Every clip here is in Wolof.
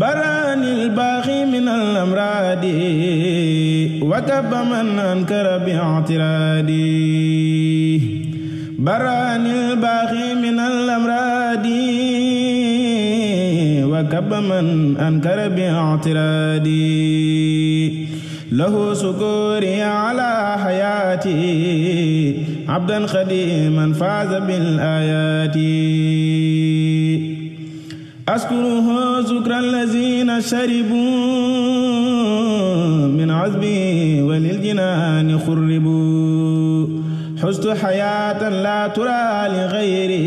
baraani albaaxi min alamraadi wa kaba man ankara bi atiraadi baraani albaaxi min alamraadi wa kaba man ankara bi atiraadi lahu sukuuri ala xayaati abdan xadiman faaza bil ayaati askuruhu zukra allazina sharibu min azbi wa lil jinaani xurribu xustu xayaatan laa turaa li xayri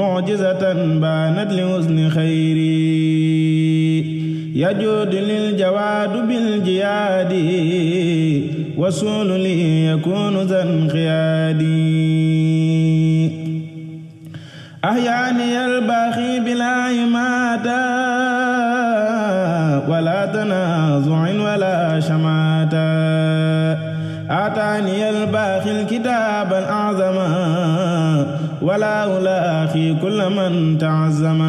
mucjizatan baanat li husni xayri yajuudu lil jawaadu bil jiyaadi wa suulu li yakuunu zan xiyaadi أحياني الباخي بلا يماتا ولا تنازع ولا شماتا أعطاني الباخي الكتاب الأعظم ولا ألاخي كل من تعزم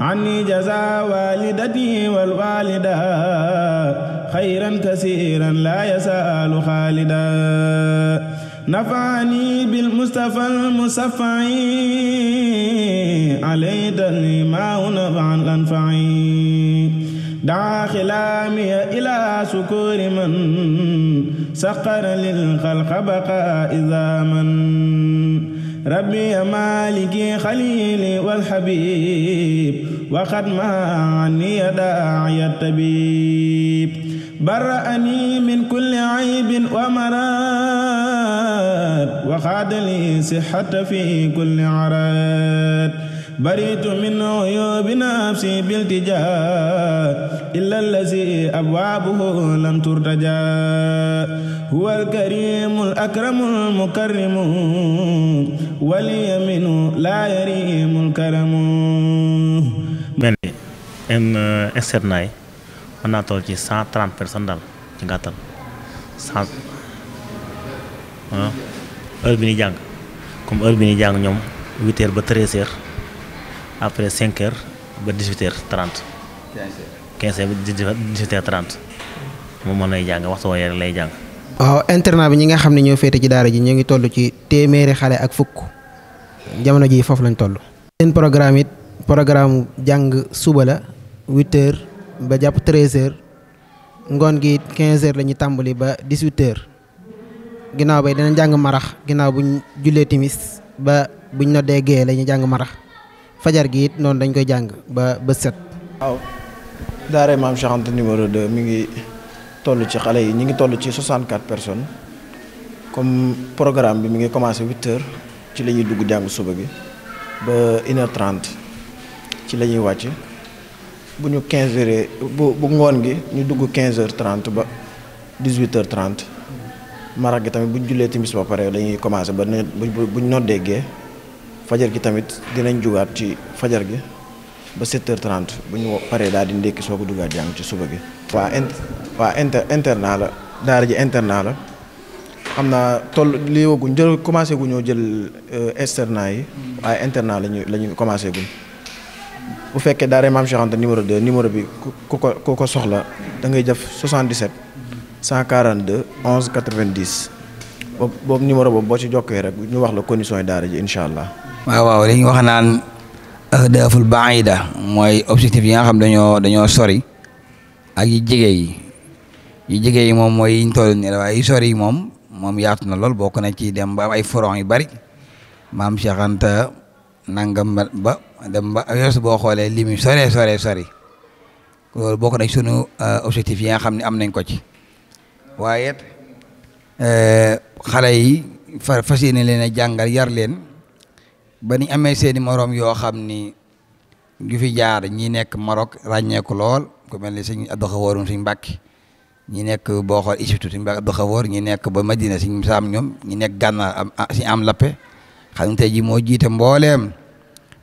عني جزا والدتي والوالدة خيرا كثيرا لا يسأل خالدا nafaani bil mustafa al musafai alaytani maahu nafa al anfai daa xilaamiya ila sukuri man saqara lil xalqa baqa izaaman rabbi maliki xalili walxabib waxat ma niya daaya tabib برأني من كل عيب ومراد وخاد لي صحة في كل عراد بريت من عيوب نفسي بالتجاه إلا الذي أبوابه لم ترتجى هو الكريم الأكرم المكرم ولي منه لا يريم الكرم من ان استرناي mën naa toll ci cent trente personnes daal ci gàttal cent ah, heure bi ñuy jàng comme heure bi ñuy jàng ñoom huit ba treize heures après cinq ba dix huit heures trente. quinze heures ba moom mën nay jàng waxtu woowu lay jàng. waaw oh, internat bi ñi nga xam ne ñoo féete ci daara ji ñu ngi toll ci téeméeri xale ak fukk jamono ji foofu lañ toll. seen programme it programme jàng suba la huit ba jàpp 13h ngoon gi 15h la ñu tàmbali ba 18h ginnaaw bay dinañ jàng marax ginnaaw ñu jullee timis ba buñ noddee gee la ñu jàng marax fajar gi it noonu dañ koy jàng ba ba set. waaw daaray maam Cheikh Anta numéro 2 mi ngi tollu ci xale yi ñu ngi toll ci 64 personnes comme programme bi mu ngi commencé 8h ci la ñuy dugg jàng suba gi ba ci la ñuy wàcc. bu ñu quinze heures bu bu ngoon gi ñu dugg 15 heures 30 ba 18 heures 30 marax gi tamit bu ñu jullee timis pare dañuy commencé ba ne bu bu ñu noddee gee fajar gi tamit dinañ jugaat ci fajar gi ba 7 heures 30 bu ñu paree daal di ndékki soo ko duggaat jàng ci suba bi waa inter waa inter la daara ji internat la xam naa toll lii wooguñ jël commencé gu ñoo jël euh, externat yi. Hmm. waaye internat la ñuy la ñuy commencé guñ. bu fekkee daara maam Cheikh Anta numéro 2 numéro bi ku ko ku ko soxla da ngay def 77 142 11 90 boobu boobu numéro boobu boo ci jokkee rek ñu wax la condition yi daara ji incha allah. waaw waaw li ñu wax naan ahdaaful euh, baida mooy objectif yi nga xam dañoo dañoo sori ak yi jege yi yi jege yi moom mooy yi ñu toll waaye yi sori moom moom yaatu na lool bokk na ci dem ba ay foron yu bari maam Cheikh Anta ba. dem ba yos boo xoolee lim yi sore sore sori loolu bokk nañ sunu euh, objectif yi nga xam ne am nañ ko ci waaye it euh, xale yi fa fas yéene leen a jàngal yar leen ba ni amee seeni moroom yoo xam ni yu fi jaar ñi nekk Maroc ràññeeku lool ku mel ni sëñ Abdou Xawarum sëñ Mbàkke ñi nekk boo xool Égypte sëñ Mbàkke Abdou ñi nekk ba Madina sëñ Saam ñoom ñi nekk Gànnaar am ah, si am lappe xam ne tey ji moo jiite mbooleem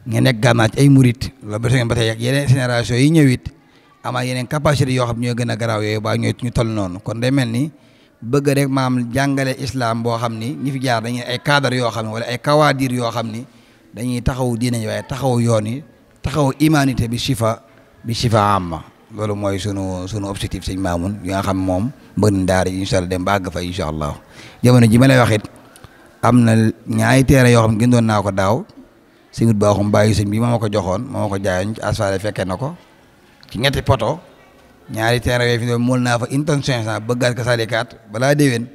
ngeen nekk gànnaaw ci ay murit loolu ba tey ba ak yeneen génération yi ñëw it amaat yeneen capacité yoo xam ñoo gën a garaaw yooyu ba ñooy ñu toll noonu kon day mel ni bëgg rek maam jàngale islam boo xam ni ñi fi jaar dañu ay cadre yoo xam ne wala ay kawaadir yoo xam ni dañuy taxaw diine waaye taxaw yoon yi taxaw humanité bi shifa bi shifa amma loolu mooy sunu sunu objectif sëñ Maamun yi nga moom bëgg na daara incha allah dem ba àgg fa incha allah jamono ji ma lay wax it am na ñaari teere yoo xam ne naa ko daaw. sëñ bi baaxum bàyyi sëñ bi moo ma ko joxoon moo ma ko jaayoon ci fekkee na ko ci ñetti poto ñaari terrain yooyu fi ne mool naa fa une tonne cinq cent bëggaat ko salikaat balaa déwén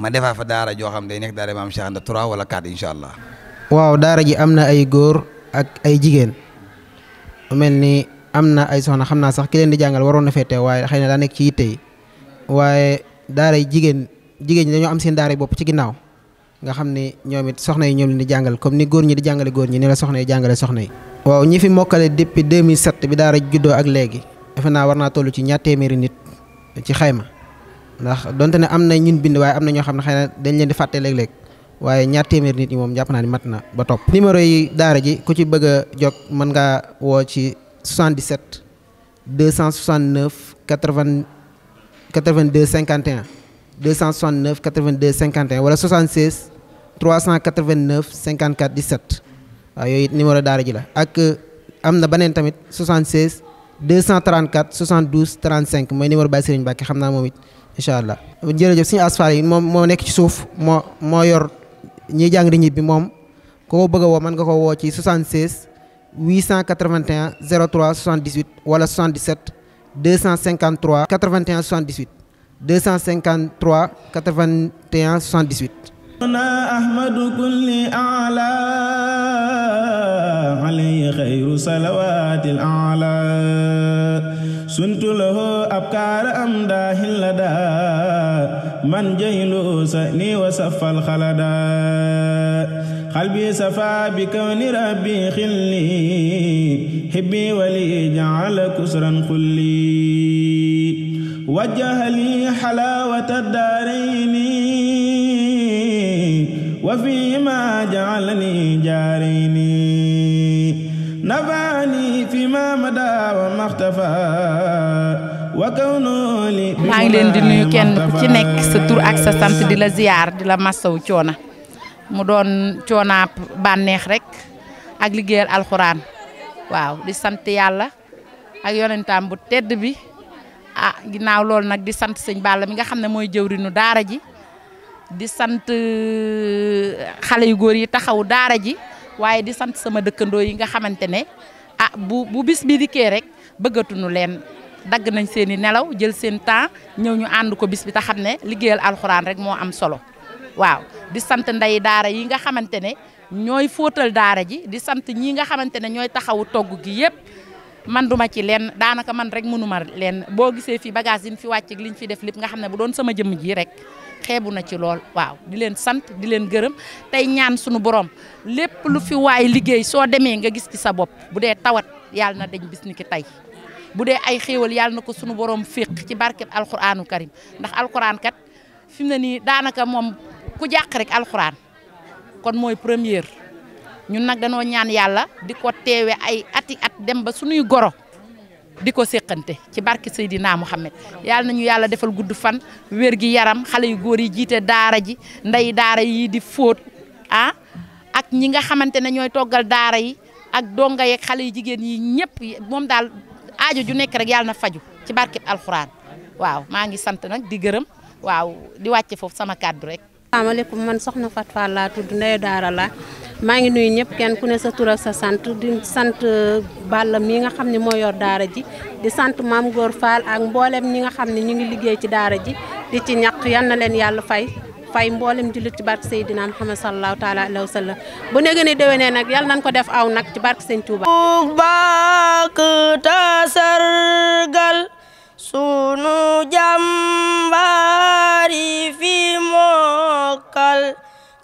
ma defaa fa daara joo xam day nekk daara maam Cheikh Anta trois wala quatre incha allah. waaw daara ji am na ay góor ak ay jigéen mu mel ni am na ay soxna xam naa sax ki di jàngal waroon na feete waaye xëy na daa nekk ci yitte yi jigéen jigéen ñi dañoo am seen daara bopp ci ginnaaw. nga xam ni ñoom it soxna yi ñoom leen di jàngal comme ni góor ñi di jàngale góor ñi ni la soxna yi jàngale soxna yi. waaw ñi fi mokkale depuis 2007 bi daara juddoo ak léegi defe naa war naa toll ci ñaar téeméeri nit ci xayma ndax donte ne am na ñun bind waaye am na ñoo xam ne xay na dañ leen di fàtte léeg-léeg waaye ñaar téeméeri nit ñi moom jàpp naa ni mat na ba topp. numéro yi daara ji ku ci bëgg jog mën ngaa woo ci 77 269 80 82 51. 269 82 51 wala 76 389 54 17 waaw yooyu it numéro daara ji la ak euh, am na beneen tamit 76 234 72 35 mooy numéro Baye Serigne Mbacke xam naa moom it incha allah. jërëjëf suñu asfaal yi moom moo nekk ci suuf moo moo yor ñiy jàng di ñibbi moom koo bëgg a woo mën nga ko woo ci 76 881 03 78 wala 77 253 81 78. 253 81 78 أحمد كل أعلى عليه خير صلوات الأعلى سنت له أبكار أمداه لدى من جهل سأني وسف الخلدا قلبي سفى بكون ربي خلي حبي ولي جعل كسرا خلي wajahali xalaawata daarayni wa fi jaalani jaarayni nafaani fi ma madaa wa maxtafa maa ngi leen di nuyu kenn ci nekk sa tur ak sa sant di la ziyaar di la massaw coona mu doon coonaa bànneex rek ak liggéeyal alxuraan waaw di sant yàlla ak yonentam bu tedd bi ah ginnaaw loolu nag di sant sëñ Balla mi nga xam ne mooy jëwrinu daara ji di sant euh, xale yu góor yi taxaw daara ji waaye di sant sama dëkkandoo yi nga xamante ne ah bu bu bis bi dikkee rek bëggatuñu leen dagg nañ seen i nelaw jël seen temps ñëw ñu ànd ko bis bi te xam ne liggéeyal alxuraan rek moo am solo waaw di sant ndey daara yi nga xamante ne ñooy fóotal daara ji di sant ñii nga xamante ne ñooy taxawu togg gi yépp man duma ci leen daanaka man rek mënuma leen boo gisee fii bagage yi ñu fi wàcc liñ fi def lépp nga xam ne bu doon sama jëm ji rek xeebu na ci lool waaw di leen sant di leen gërëm tey ñaan suñu borom lépp lu fi waay liggéey soo demee nga gis ci sa bopp bu dee tawat yàlla na dañ bis tey bu dee ay xéewal yàlla na ko sunu borom féq ci barkeb alquraanu karim ndax alquraan kat fi mu ne nii daanaka moom ku jàq rek alquraan kon mooy premier ñun nag danoo ñaan yàlla di ko teewe ay ati at dem ba suñuy goro di ko séqante ci barke Seydina Mouhamed yàlla nañu yàlla defal gudd fan wér gi yaram xale yu góor yi jiite daara ji ndey daara yi di fóot ah, ak ñi nga xamante ne ñooy toggal daara yi ak donga yeeg xale yu jigéen yi ñëpp moom daal aajo ju nekk rek yàlla na faju ci barkeb alxuraan waaw maa ngi sant nag di gërëm waaw di wàcce foofu sama kàddu rek. asalaamaaleykum man soxna Fatou Fall laa tudd ndeyu daara maa ngi nuyu ñëpp kenn ku ne sa tur sa sant di sant euh, Balla mii nga xam ne moo yor daara ji di sant maam goor Fall ak mboolem ñi nga xam ne ñu ngi liggéey ci daara ji di ci ñaq yal na leen yàlla fay fay mboolem jullit ci barke Seydina Muhammad sallallahu taala alayhi wa sallam bu nege ni déwénee nag yal nañ ko def aw nag ci barke Sëñ Tuuba baak tasargal sunu jàmbaari fi mokkal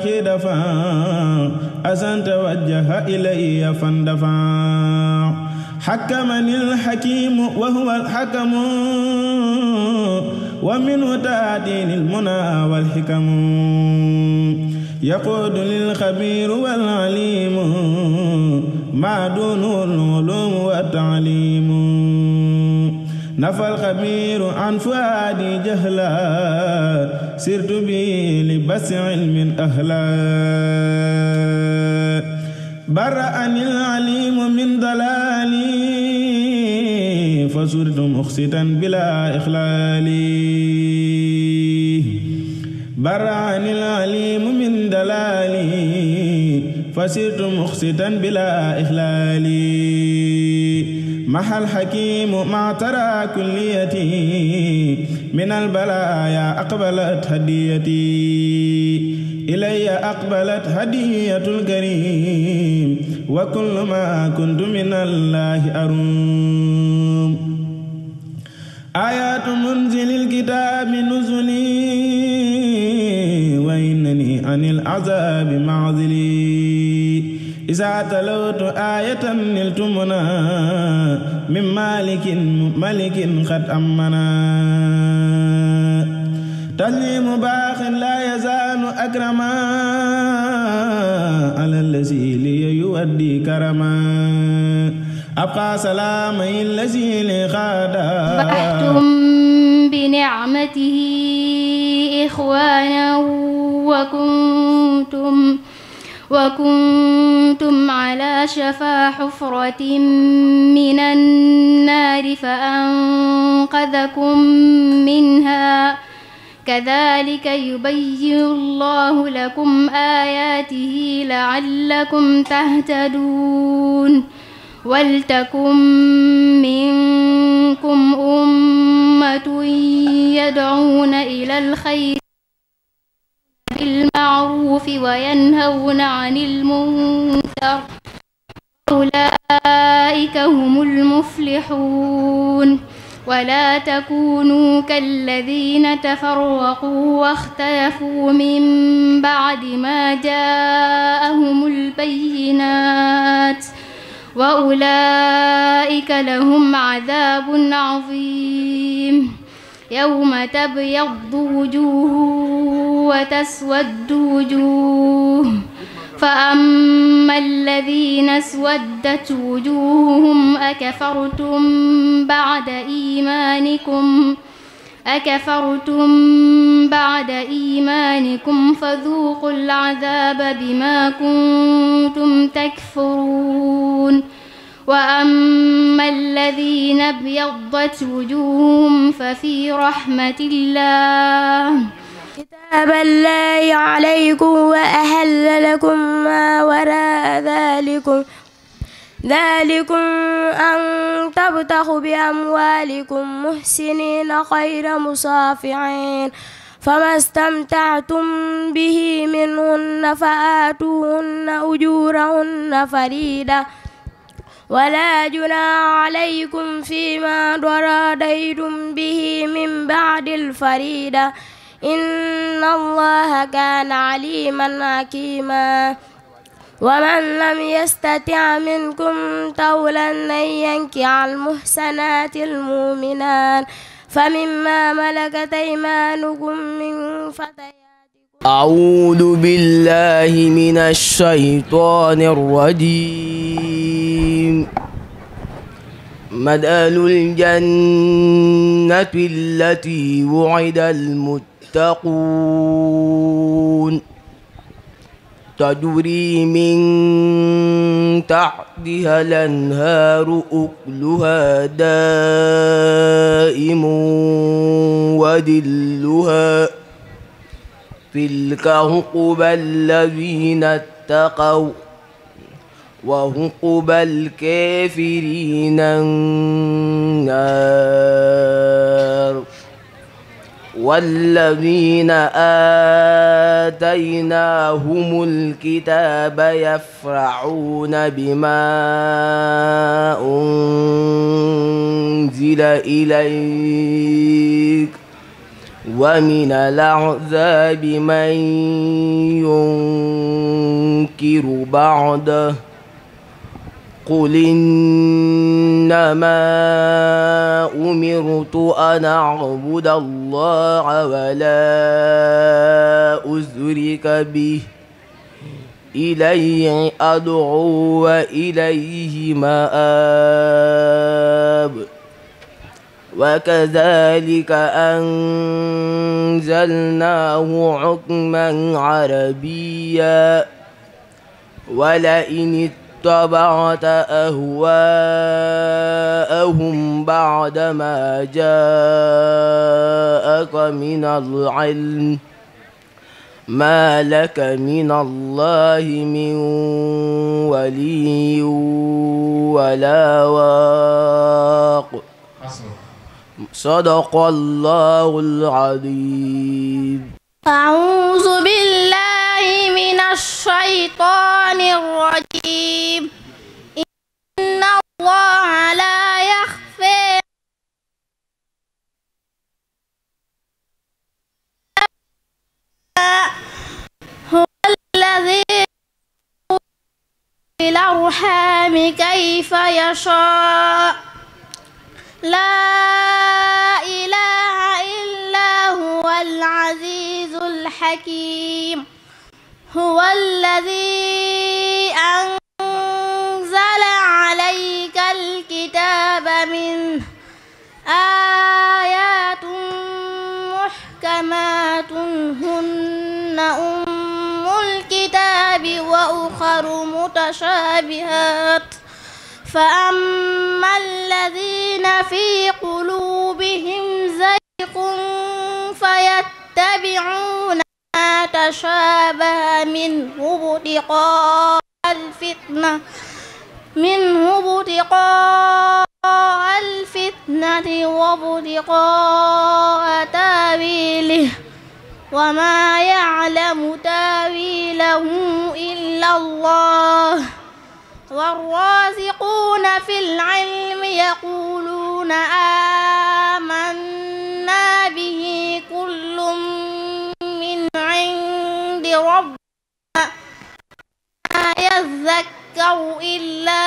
أخي دفع أسن توجه إلي فاندفع حكمني الحكيم وهو الحكم ومنه تأتيني المنى والحكم يقود للخبير والعليم ما دونه العلوم والتعليم نفى الخبير عن فؤادي جهلا سرت بي لبس علم أهلا برأني العليم من ضلالي فصرت مخستا بلا إخلالي برأني العليم من ضلالي فصرت مخستا بلا إخلالي maha alxakimu ma tara kulliyati min albalaya aqbalat hadiyati ilayya aqbalat hadiyatul karim wa kullu ma kuntu min allahi arum ayatu munzilil kitaabi nuzuli wa innani anil azabi mazili إذا تلوت آية نلت منا من مالك ملك قد أمنا تسليم باخ لا يزال أكرما على الذي لي يؤدي كرما أبقى سلامي الذي لخادا فرحتم بنعمته إخوانا وكنتم وكنتم على شفا حفرة من النار فأنقذكم منها كذلك يبين الله لكم آياته لعلكم تهتدون ولتكن منكم أمة يدعون إلى الخير بالمعروف وينهون عن المنكر أولئك هم المفلحون ولا تكونوا كالذين تفرقوا واختلفوا من بعد ما جاءهم البينات وأولئك لهم عذاب عظيم يوم تبيض وجوه وتسود وجوه فأما الذين اسودت وجوههم أكفرتم بعد إيمانكم أكفرتم بعد إيمانكم فذوقوا العذاب بما كنتم تكفرون وأما الذين ابيضت وجوههم ففي رحمة الله كتاب الله عليكم وأهل لكم ما وراء ذلكم ذلكم أن تبتغوا بأموالكم محسنين غير مسافعين فما استمتعتم به منهن فآتوهن أجورهن فريدةً ولا جناح عليكم فيما تراضيتم به من بعد الفريضة إن الله كان عليما حكيما ومن لم يستطع منكم طولا أن ينكح المحسنات المؤمنات فمما ملكت أيمانكم من فتيات أعوذ بالله من الشيطان الرجيم مثل الجنة التي وعد المتقون تجري من تحتها الأنهار أكلها دائم وذلها تلك عقبى الذين اتقوا وعقبى الكافرين النار والذين آتيناهم الكتاب يفرحون بما أنزل إليك ومن الأعزاب من ينكر بعده قل إنما أمرت أن أعبد الله ولا أشرك به إليه أدعو وإليه مآب وكذلك أنزلناه حكما عربيا ولئن اتبعت أهواءهم بعدما جاءك من العلم ما لك من الله من ولي ولا واق sadaqallaahul aziim. A'uuzu billaahi minash shaytaanir rajiim. Inna Allaaha laa yaxfaa 'alaa huwal lazii fil arhaami kayfa yashaa' laa ilaaha illaa huwa al-aziizu al-hakiim huwa allazii anzala alayka al-kitaaba minhu aayaatun muhkamaatun hunna ummul kitaabi wa uxaru mutashaabihaat فأما الذين في قلوبهم زيغ فيتبعون ما تشابه منه ابتغاء الفتنة منه ابتغاء الفتنة وابتغاء تاويله وما يعلم تاويله إلا الله والرازقون في العلم يقولون آمنا به كل من عند ربنا ما يذكر إلا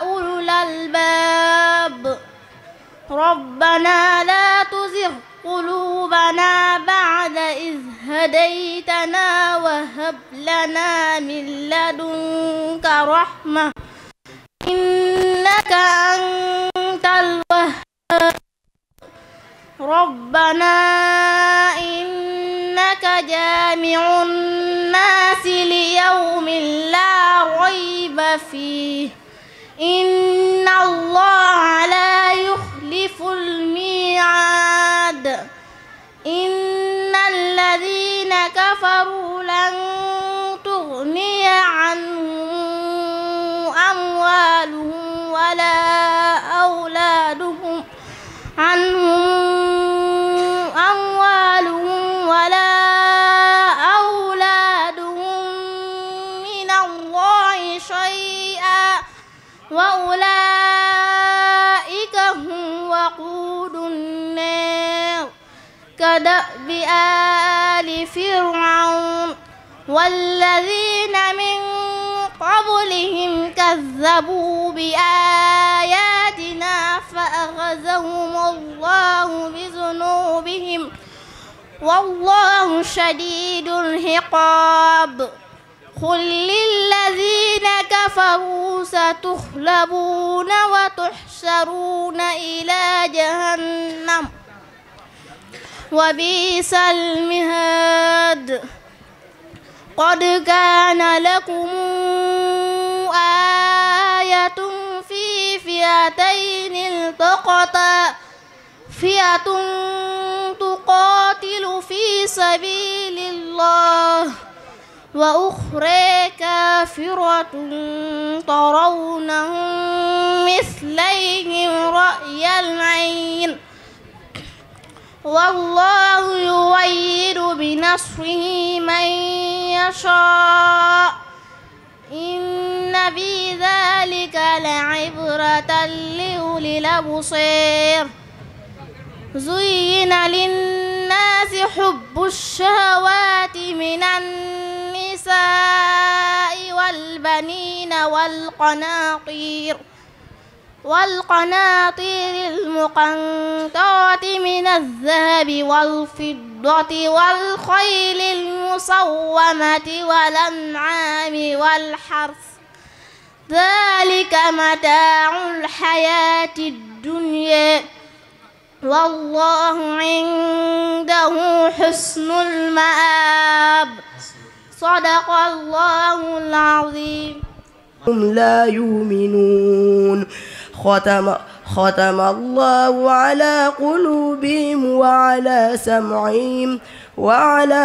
أولو الألباب ربنا لا تزغ قلوبنا بعد إذ هديتنا وهب لنا من لدنك رحمة إنك أنت الوهاب ربنا إنك جامع الناس ليوم لا ريب فيه إن الله لا يخلف يخلف الميعاد إن الذين كفروا لن تغني عنهم أموالهم ولا أولادهم عنهم آل فرعون والذين من قبلهم كذبوا بآياتنا فأخذهم الله بذنوبهم والله شديد العقاب قل للذين كفروا ستغلبون وتحشرون إلى جهنم وبئس المهاد قد كان لكم آية في فئتين التقتا فئة تقاتل في سبيل الله وأخرى كافرة ترونهم مثليهم رأي العين والله يغير بنصره من يشاء إن في ذلك لعبرة لأولي الأبصير زين للناس حب الشهوات من النساء والبنين والقناطير والقناطير المقنطرة من الذهب والفضة والخيل المصومة والأنعام والحرث ذلك متاع الحياة الدنيا والله عنده حسن المآب صدق الله العظيم هم لا يؤمنون ختم ختم الله على قلوبهم وعلى سمعهم وعلى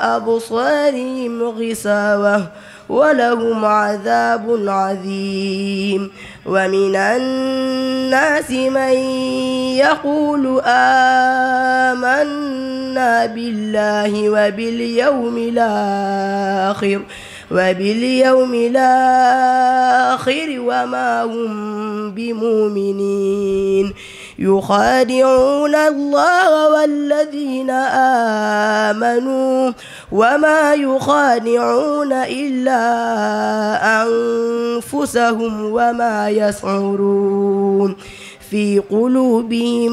أبصارهم غساوة ولهم عذاب عظيم ومن الناس من يقول آمنا بالله وباليوم الآخر وباليوم الآخر وما هم بمؤمنين يخادعون الله والذين آمنوا وما يخادعون إلا أنفسهم وما يشعرون في قلوبهم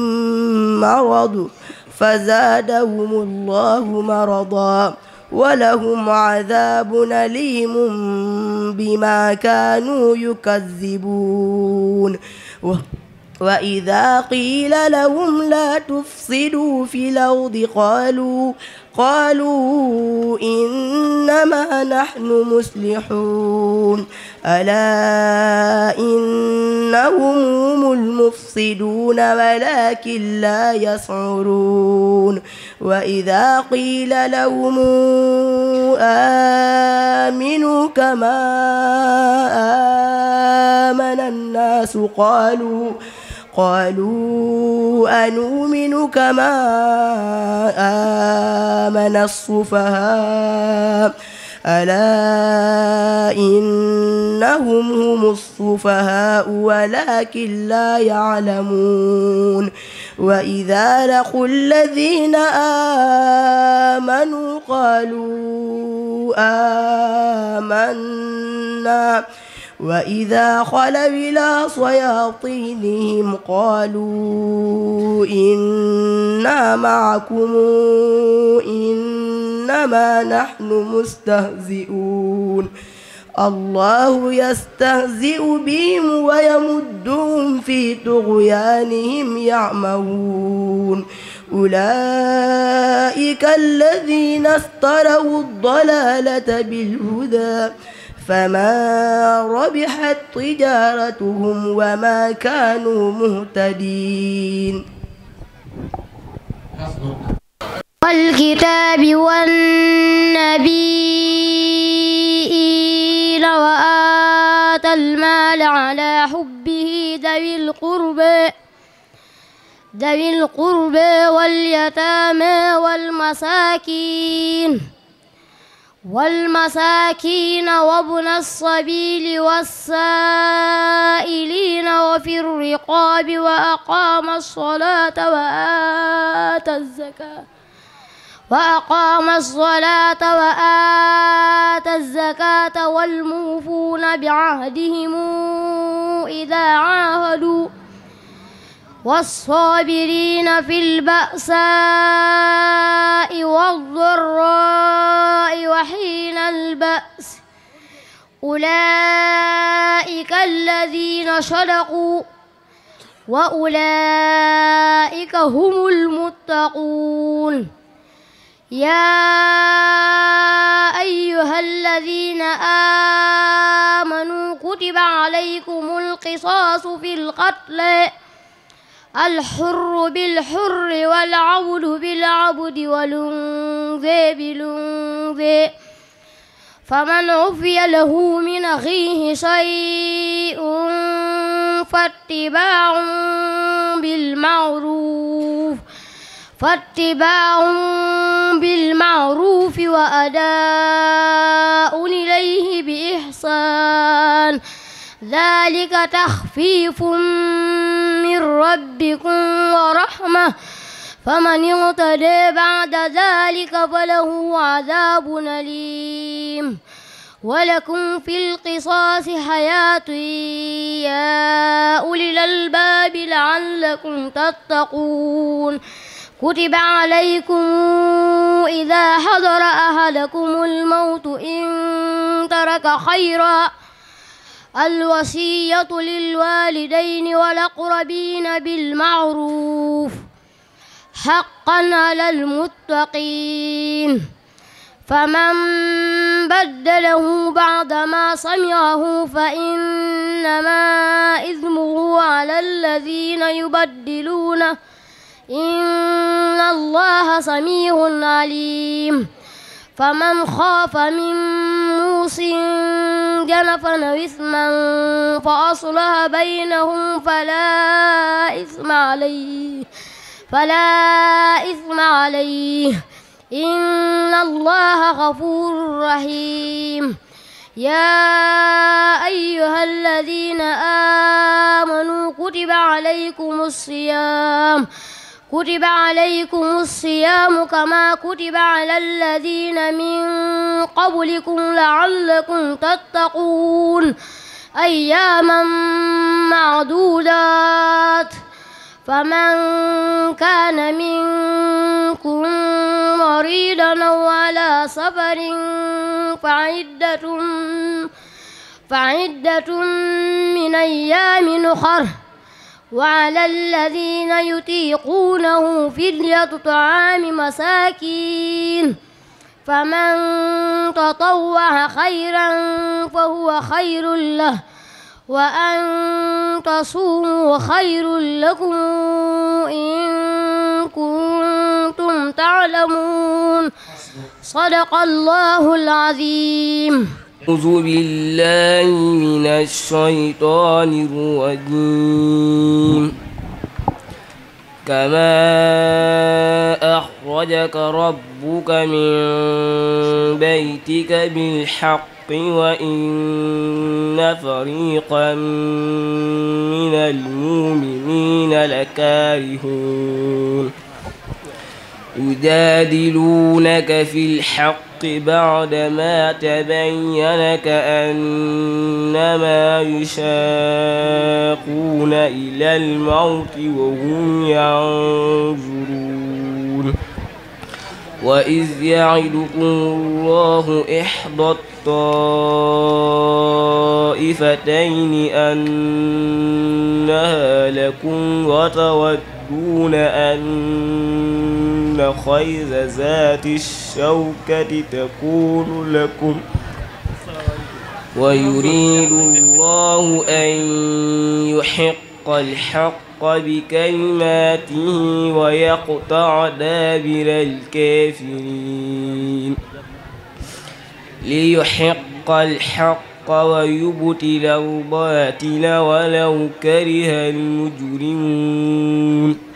مرض فزادهم الله مرضا ولهم عذاب أليم بما كانوا يكذبون وإذا قيل لهم لا تفسدوا في الأرض قالوا قالوا إنما نحن مصلحون ألا إنهم هم المفسدون ولكن لا يشعرون وإذا قيل لهم آمنوا كما آمن الناس قالوا قالوا أنؤمن كما آمن السفهاء ألا إنهم هم السفهاء ولكن لا يعلمون وإذا لقوا الذين آمنوا قالوا آمنا وإذا خلوا إلى شياطينهم قالوا إنا معكم إنما نحن مستهزئون الله يستهزئ بهم ويمدهم في طغيانهم يعمهون أولئك الذين اشتروا الضلالة بالهدى فما ربحت تجارتهم وما كانوا مهتدين والكتاب والنبيين وآتى المال على حبه ذوي القربى ذوي القربى واليتامى والمساكين والمساكين وابن السبيل والسائلين وفي الرقاب وأقام الصلاة وآتى الزكاة وأقام الصلاة وآتى الزكاة والموفون بعهدهم إذا عاهدوا والصابرين في البأساء والضراء وحين البأس أولئك الذين صدقوا وأولئك هم المتقون يا أيها الذين آمنوا كتب عليكم القصاص في القتل الحر بالحر والعبد بالعبد والأنثى بالأنثى فمن عفي له من أخيه شيء فاتباع بالمعروف فاتباع بالمعروف وأداء إليه بإحسان ذلك تخفيف من ربكم ورحمة فمن اغتدى بعد ذلك فله عذاب أليم ولكم في القصاص حياة يا أولي الألباب لعلكم تتقون كتب عليكم إذا حضر أحدكم الموت إن ترك خيرا الوصية للوالدين والأقربين بالمعروف حقا على المتقين فمن بدله بعدما سمعه فإنما إثمه على الذين يبدلونه إن الله سميع عليم فمن خاف من موص جنفا أو إثما فأصلح بينهم فلا إثم عليه فلا إثم عليه إن الله غفور رحيم يا أيها الذين آمنوا كتب عليكم الصيام كتب عليكم الصيام كما كتب على الذين من قبلكم لعلكم تتقون أياما معدودات فمن كان منكم مريضا أو على سفر فعدة فعدة من أيام أخر وعلى الذين يطيقونه فدية طعام مساكين فمن تطوع خيرا فهو خير له وأن تصوموا خير لكم إن كنتم تعلمون صدق الله العظيم أعوذ بالله من الشيطان الرجيم كما أخرجك ربك من بيتك بالحق وإن فريقا من المؤمنين لكارهون يجادلونك في الحق الحق بعدما تبين كأنما يشاقون إلى الموت وهم ينظرون وإذ يعدكم الله إحدى الطائفتين أنها لكم وتودون يشهدون أن خير ذات الشوكة تكون لكم ويريد الله أن يحق الحق بكلماته ويقطع دابر الكافرين ليحق الحق الحق ويبطل الباطل ولو كره المجرمون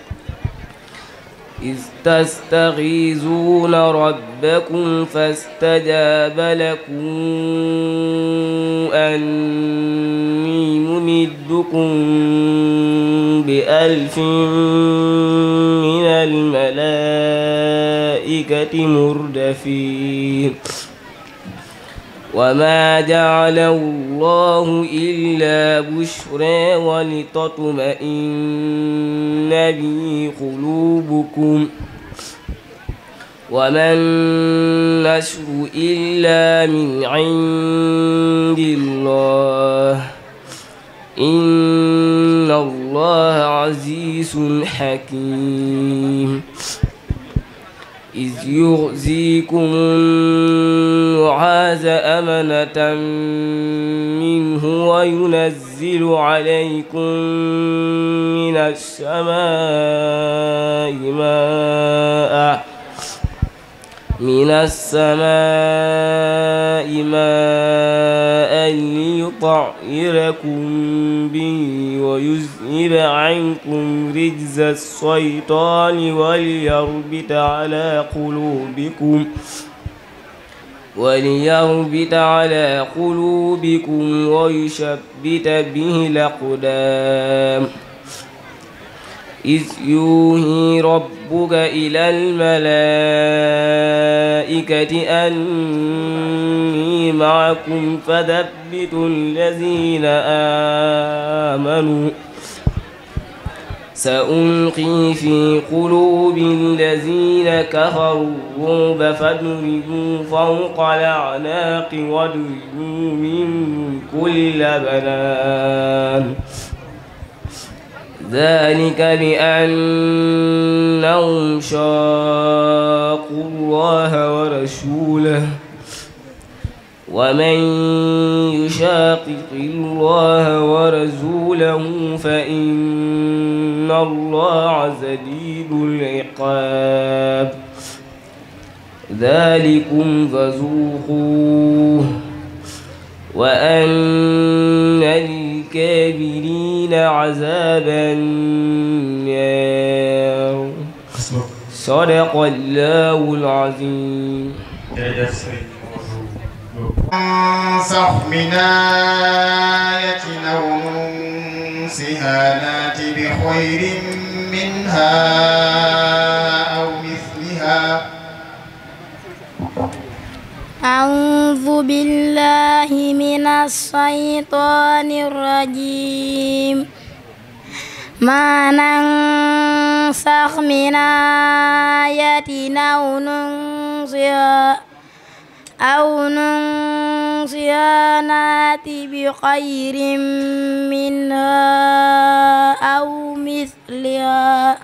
إذ تستغيثون ربكم فاستجاب لكم أني ممدكم بألف من الملائكة مردفين وما جعل الله إلا بشرى ولتطمئن به قلوبكم وما النشر إلا من عند الله إن الله عزيز حكيم إذ يغزيكم النعاس أمنة منه وينزل عليكم من السماء ماء من السماء ماء ليطهركم به ويذهب عنكم رجز الشيطان وليربط على قلوبكم وليربط على قلوبكم ويثبت به الأقدام إذ يوهي ربك إلى الملائكة أني معكم فثبتوا الذين آمنوا سألقي في قلوب الذين كفروا الرعب فاضربوا فوق الأعناق واضربوا من كل بنان ذلك بأنهم شاقوا الله ورسوله ومن يشاقق الله ورسوله فإن الله شديد العقاب ذلكم فذوقوه وأن للكافرين عذاب النار صدق الله العظيم انصح من آية أو ننسها نات بخير منها أو مثلها أعوذ بالله من الشيطان الرجيم ما ننسخ من آية أو ننسها أو ننسها نات بخير منها أو مثلها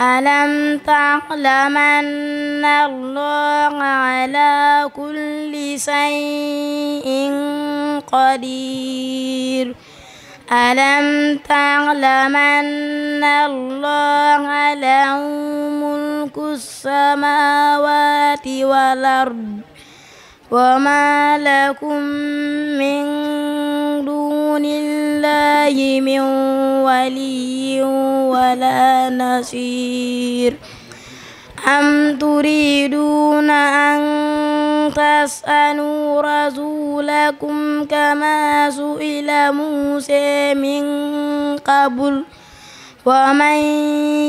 ألم تعلم أن الله على كل شيء قدير ألم تعلم أن الله له ملك السماوات والأرض وما لكم من دون الله من ولي ولا نصير أم تريدون أن تسألوا رسولكم كما سئل موسى من قبل ومن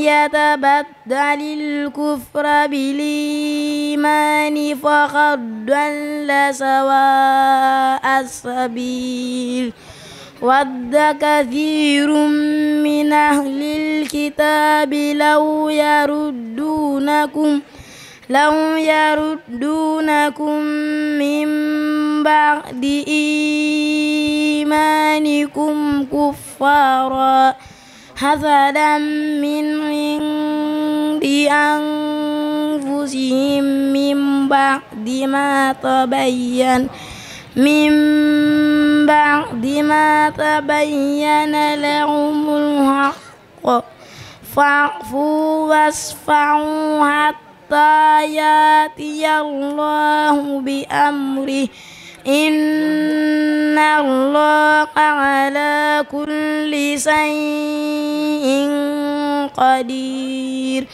يتبدل الكفر بالإيمان فقد ضل سواء السبيل ود كثير من أهل الكتاب لو يردونكم لو يردونكم من بعد إيمانكم كفارا حسدا من عند أنفسهم من بعد ما تبين من بعد ما تبين لهم الحق فاعفوا واصفحوا حتى يأتي الله بأمره إن الله على كل شيء قدير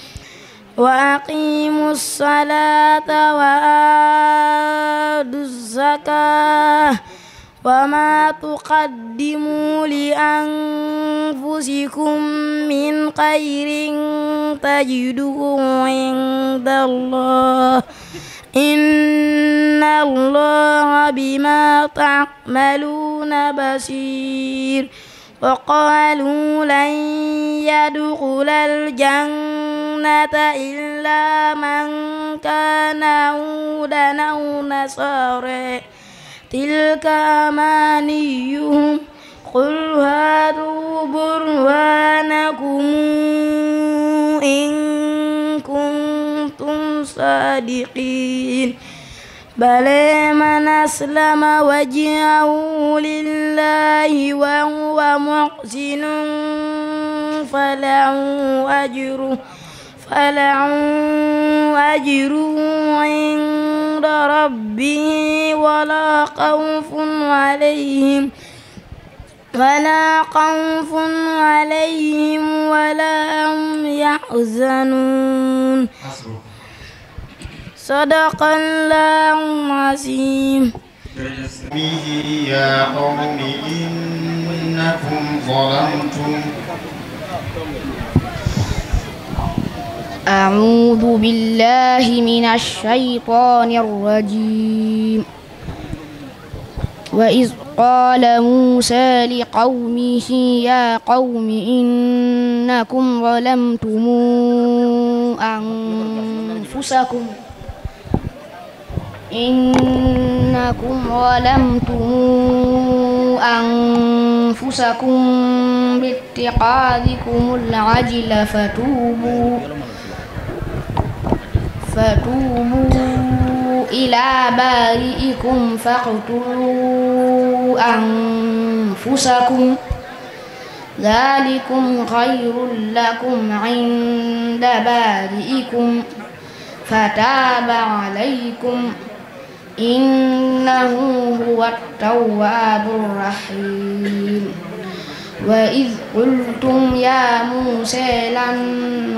وأقيموا الصلاة وآتوا الزكاة وما تقدموا لأنفسكم من خير تجدوه عند الله إن الله بما تعملون بصير وقالوا لن يدخل الجنة إلا من كان هودا أو نصارى تلك أمانيهم قل هاتوا برهانكم إن الصادقين بل من أسلم وجهه لله وهو محسن فله أجره فله أجره عند ربه ولا خوف عليهم ولا خوف عليهم ولا هم يحزنون sadaqallaahu l-aziim bihi yaa qawmi innakum zalamtum أعوذ بالله من الشيطان الرجيم وإذ قال موسى لقومه يا قوم إنكم ظلمتم أنفسكم إنكم ظلمتم أنفسكم باتخاذكم العجل فتوبوا فتوبوا إلى بارئكم فاقتلوا أنفسكم ذلكم خير لكم عند بارئكم فتاب عليكم إنه هو التواب الرحيم وإذ قلتم يا موسى لن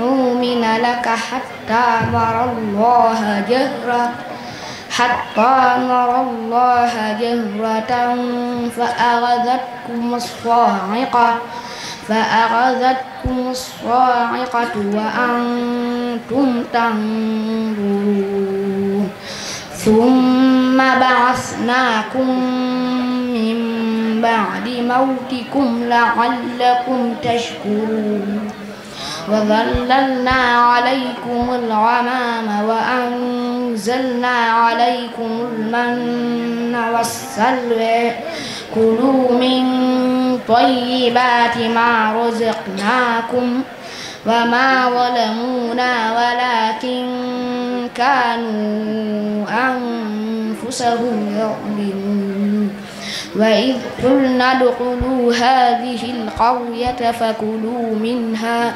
نؤمن لك حتى نرى الله جهرة حتى نرى الله جهرة فأخذتكم الصاعقة فأخذتكم الصاعقة وأنتم تنظرون ثم بعثناكم من بعد موتكم لعلكم تشكرون وظللنا عليكم الغمام وأنزلنا عليكم المن والسلوى كلوا من طيبات ما رزقناكم وما ظلمونا ولكن كانوا أنفسهم يؤمنون وإذ قلنا ادخلوا هذه القرية فكلوا منها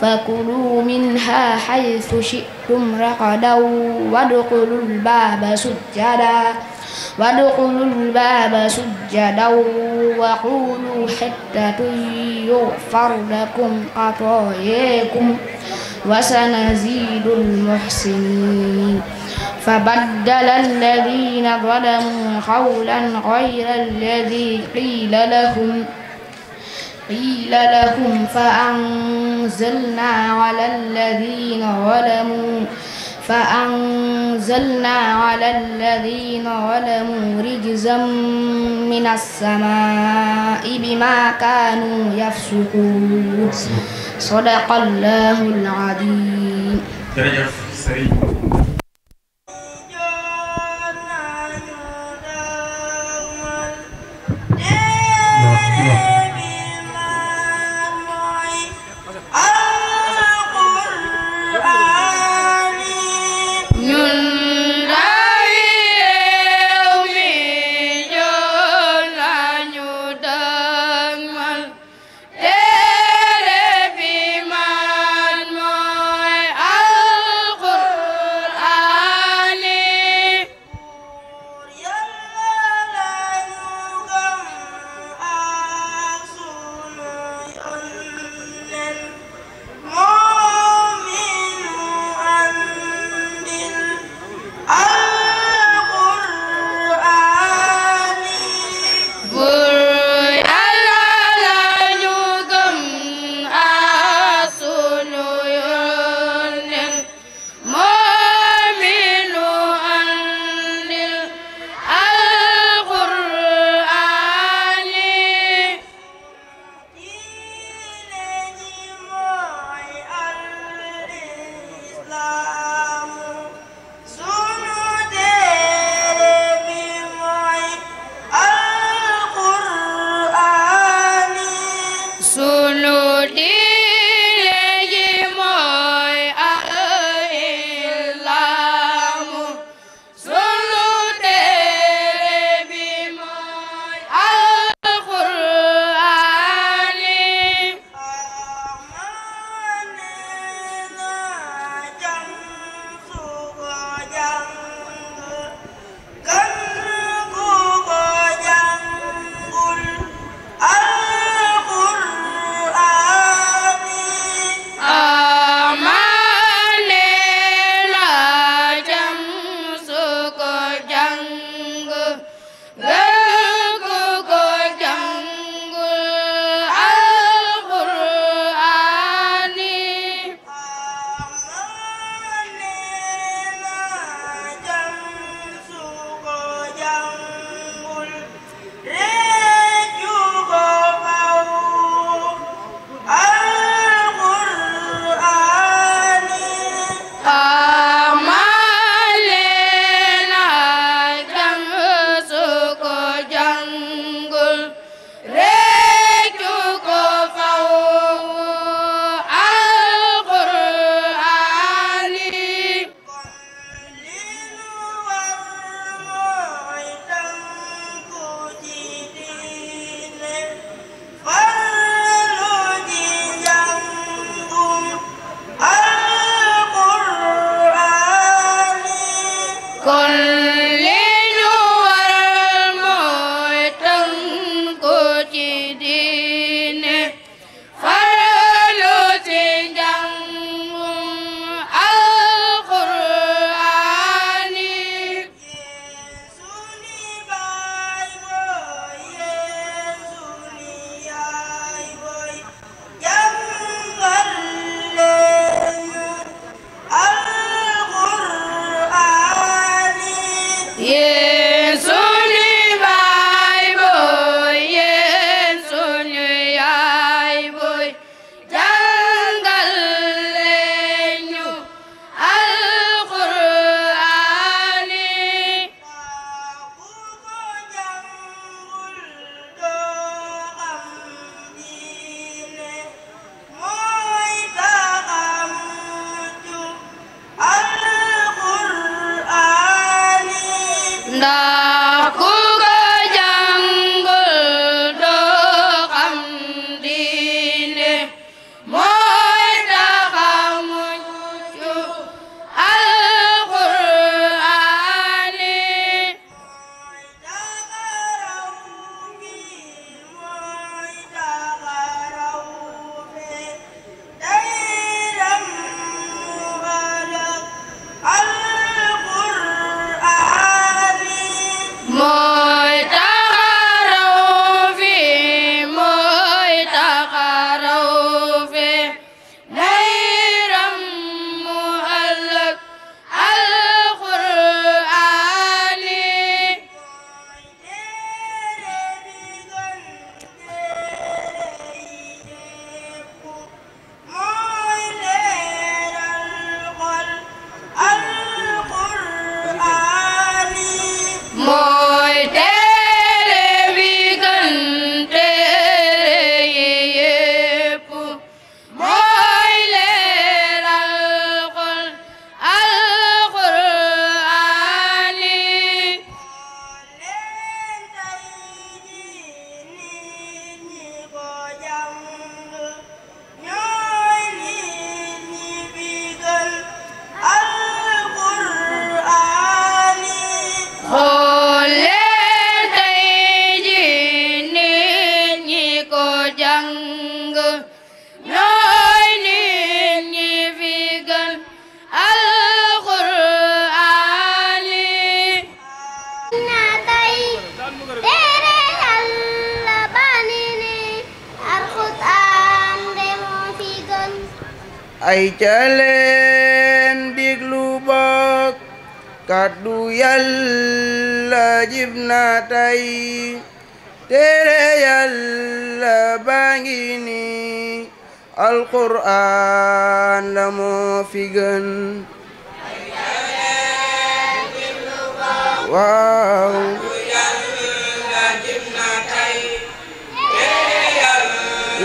فكلوا منها حيث شئتم رغدا وادخلوا الباب سجدا وادخلوا الباب سجدا وقولوا حتة يغفر لكم خطاياكم وسنزيد المحسنين فبدل الذين ظلموا قولا غير الذي قيل لهم قيل لهم فأنزلنا على الذين ظلموا فأنزلنا على الذين ظلموا رجزا من السماء بما كانوا يفسقون صدق الله العظيم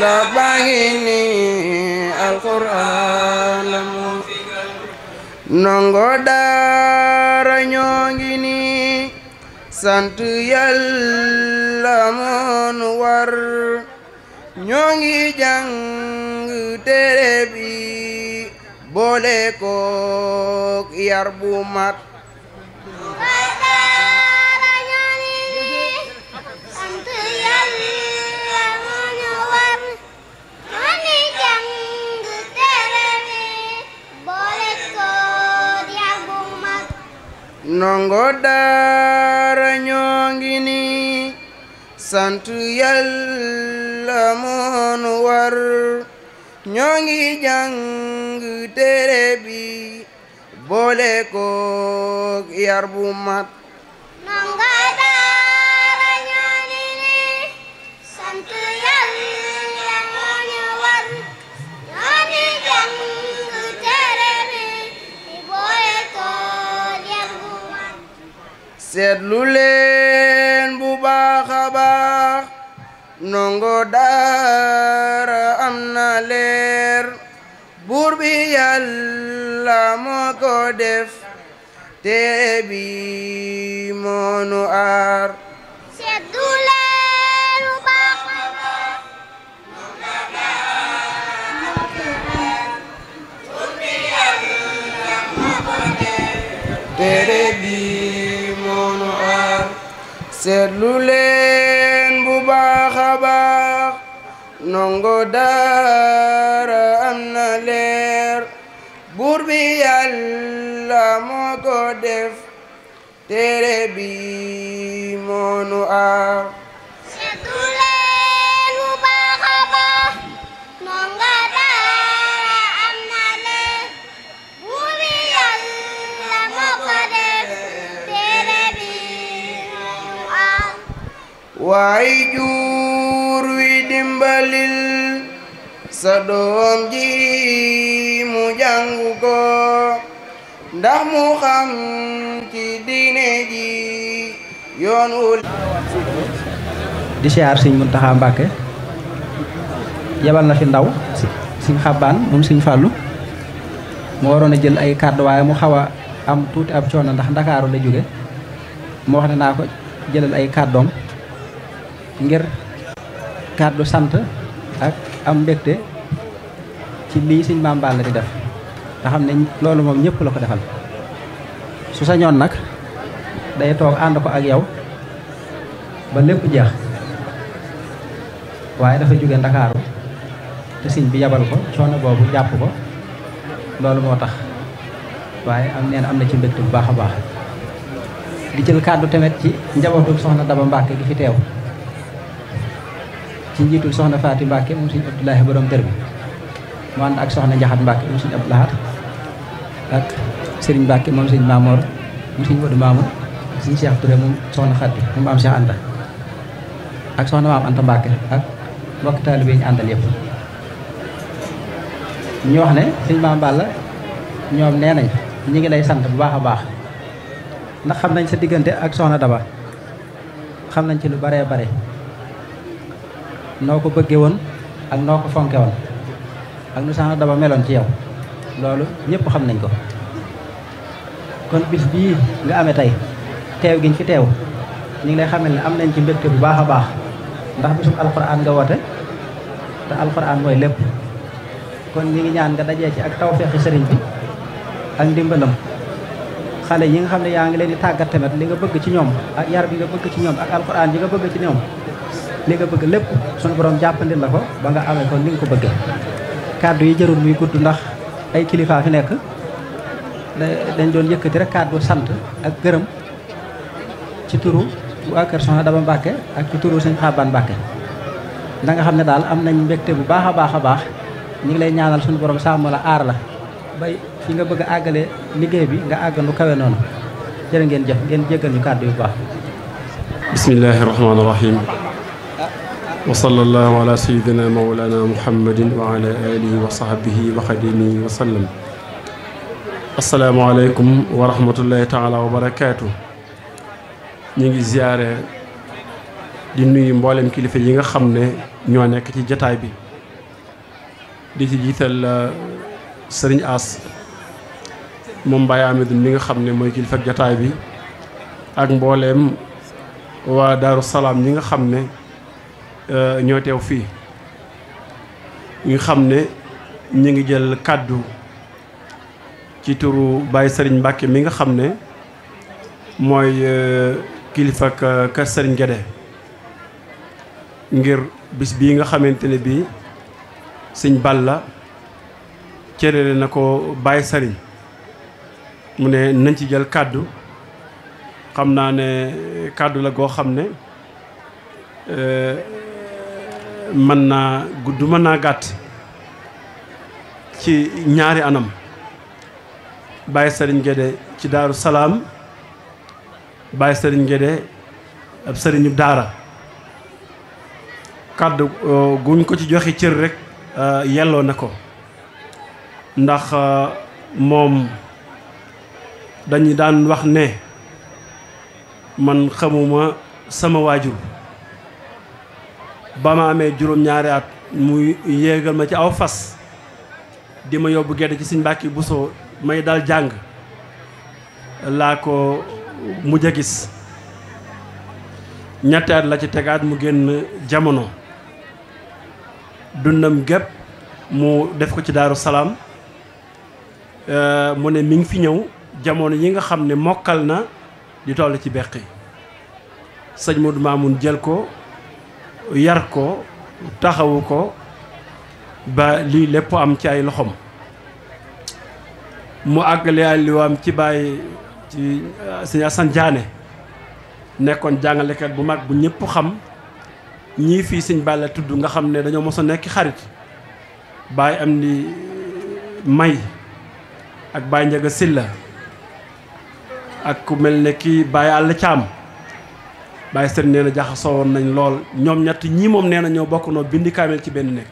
la bàngi nii alxuraan la moo fi gën ndongo daara ñoo ngi nii sant yàlla moonu war ñoo ngi jàng téere bi boole yar bu mat ndongo daara ñoo ngi nii sant yàlla moonu war ñoo ngi jàng téere bi boole ko yar bu mat seetlu leen bu baax a baax ndongo daara am na leer buur bi yàlla moo ko def téere moo nu aar seetlu leen bu baax baax ndongo daara am na leer buur bi yàlla moo ko def téere bi moonu a waay juur wi dimbalil sa doom ji mu jàngu ko ndax mu xam ci diine ji yoon ul di siyaar sëñ Muntaxa Mbàkke yabal na fi ndaw siñ xabbaan moom sëñ fàllu mu waroon a jël ay kàddu waaye mu xaw a am tuuti ab coono ndax ndakaaru la jóge mu wax ne naa ko jëlal ay kàddoom ngir kàddu sant ak am mbégte ci lii siñ Maam la di def nga xam ne loolu moom ñëpp la ko defal su sañoon nag day toog ànd ko ak yow ba lépp jeex waaye dafa jóge Ndakaaru te sëñ bi yabal ko coono boobu jàpp ko loolu moo tax waaye am neen am na ci mbégte bu baax a baax di jël kàddu tamit ci njabootu soxna Daba Mbàkke gi fi teew ci njiitul soxna Faati Mbàkke moom suñu Abdoulahi borom dër bi mu ànd ak soxna Njaxat Mbàkke moom suñu Abdoulahat ak Sëriñ Mbàkke moom suñu Maamoor moom suñu Modu Maamoor suñu Cheikh Touré moom soxna Xadi moom maam Cheikh Anta ak soxna maam Anta Mbàkke ak mbokk taalibe yi ñu àndal yëpp ñu wax ne suñ maam Balla ñoom nee nañ ñu ngi lay sant bu baax a baax ndax xam nañ sa diggante ak soxna Daba xam nañ ci lu baree bare noo ko bëggee woon ak noo ko fonke woon ak nu Soxna Daba meloon ci yow loolu ñëpp xam nañ ko kon bis bii nga amee tey teew giñ fi teew ñu ngi lay xamal ne am nañ ci mbégte bu baax a baax ndax bisum alxuraan nga woote te alxuraan mooy lépp kon ñi ngi ñaan nga dajee ci ak tawfeexi sëriñ bi ak ndimbalam xale yi nga xam ne yaa ngi leen di tàggat tamit li nga bëgg ci ñoom ak yar bi nga bëgg ci ñoom ak alxuraan yi nga bëgg ci ñoom li nga bëgg lépp sunu boroom jàppandil la ko ba nga amee ko ni nga ko bëgge kàddu yi jërul muy gudd ndax ay kilifaa fi nekk dañ doon yëkkati rek kàddu sant ak gërëm ci turu waa kër Soxna Daba Mbàkke ak ci turu sëñ Xaabaan Mbàkke da nga xam ne daal am nañ mbégte bu baax a baax a baax ñu ngi lay ñaanal suñu borom sàmm la aar la bay fi nga bëgg àggale liggéey bi nga àggal lu kawe noonu jërë ngeen jëf ngeen jéggal ñu kàddu yu baax bismillahi wa sallallahu ala sayyidina mawlana muhammadin wa ala alihi wa sahbihi wa wa sallam asalaamualeykum wa rahmatullahi taala wa barakaatu ñu ngi ziyaare di nuyu mboolem kilifa yi nga xam ne ñoo nekk ci jataay bi di ci jiital uh, sëriñ As moom Mbaye Amidou mi nga xam ne mooy kilifa jataay bi ak mbooleem waa Daaru Salaam ñi nga xam ne Euh, ñoo teew fii ñu xam ne ñu ngi jël kàddu ci turu Baye Serigne Mbacke mi nga xam ne mooy euh, kilifa ak euh, kër Serigne Guédé ngir bis bii nga xamante ne bii sëñ Balla cërale na ko Baye sariñ mu ne nañ ci jël kàddu xam naa ne kàddu la goo xam ne. mën naa gudd mën naa gàtt ci ñaari anam bàyyi Serigne Guédé ci Daaru Salaam bàyyi Serigne Guédé ab sëriñu daara kàddu euh, guñ ko ci joxe cër rek euh, yelloo na ko ndax euh, moom dañu daan wax ne man xamuma sama waajur ba ma amee juróom-ñaari at mu yéegal ma ci aw fas di ma yóbbu gedd ci suñ mbàkki busoo may dal jàng laa ko mujj a gis ñetti at la ci tegaat mu génn jamono dundam gépp mu def ko ci daaru salaam eh, mu ne mi ngi fi ñëw jamono yi nga xam ne mokkal na di toll ci beqi sëñ Modou Mamoun jël ko yar ko taxawu ko ba lii lépp am ci ay loxoom mu àggale ay liwaam ci bàyyi ci euh, nekkoon jàngalekat bu mag bu ñépp xam ñii fii sëñ Balla tudd nga xam ne dañoo mos a nekk xarit bàyyi am di euh, may ak bàyyi njaga silla ak ku mel ne ki bàyyi àll caam Baye Sëriñ nee na jaxasoo woon nañ lool ñoom ñett ñii moom nee na ñoo bokk noo bindi kaamil ci benn nekk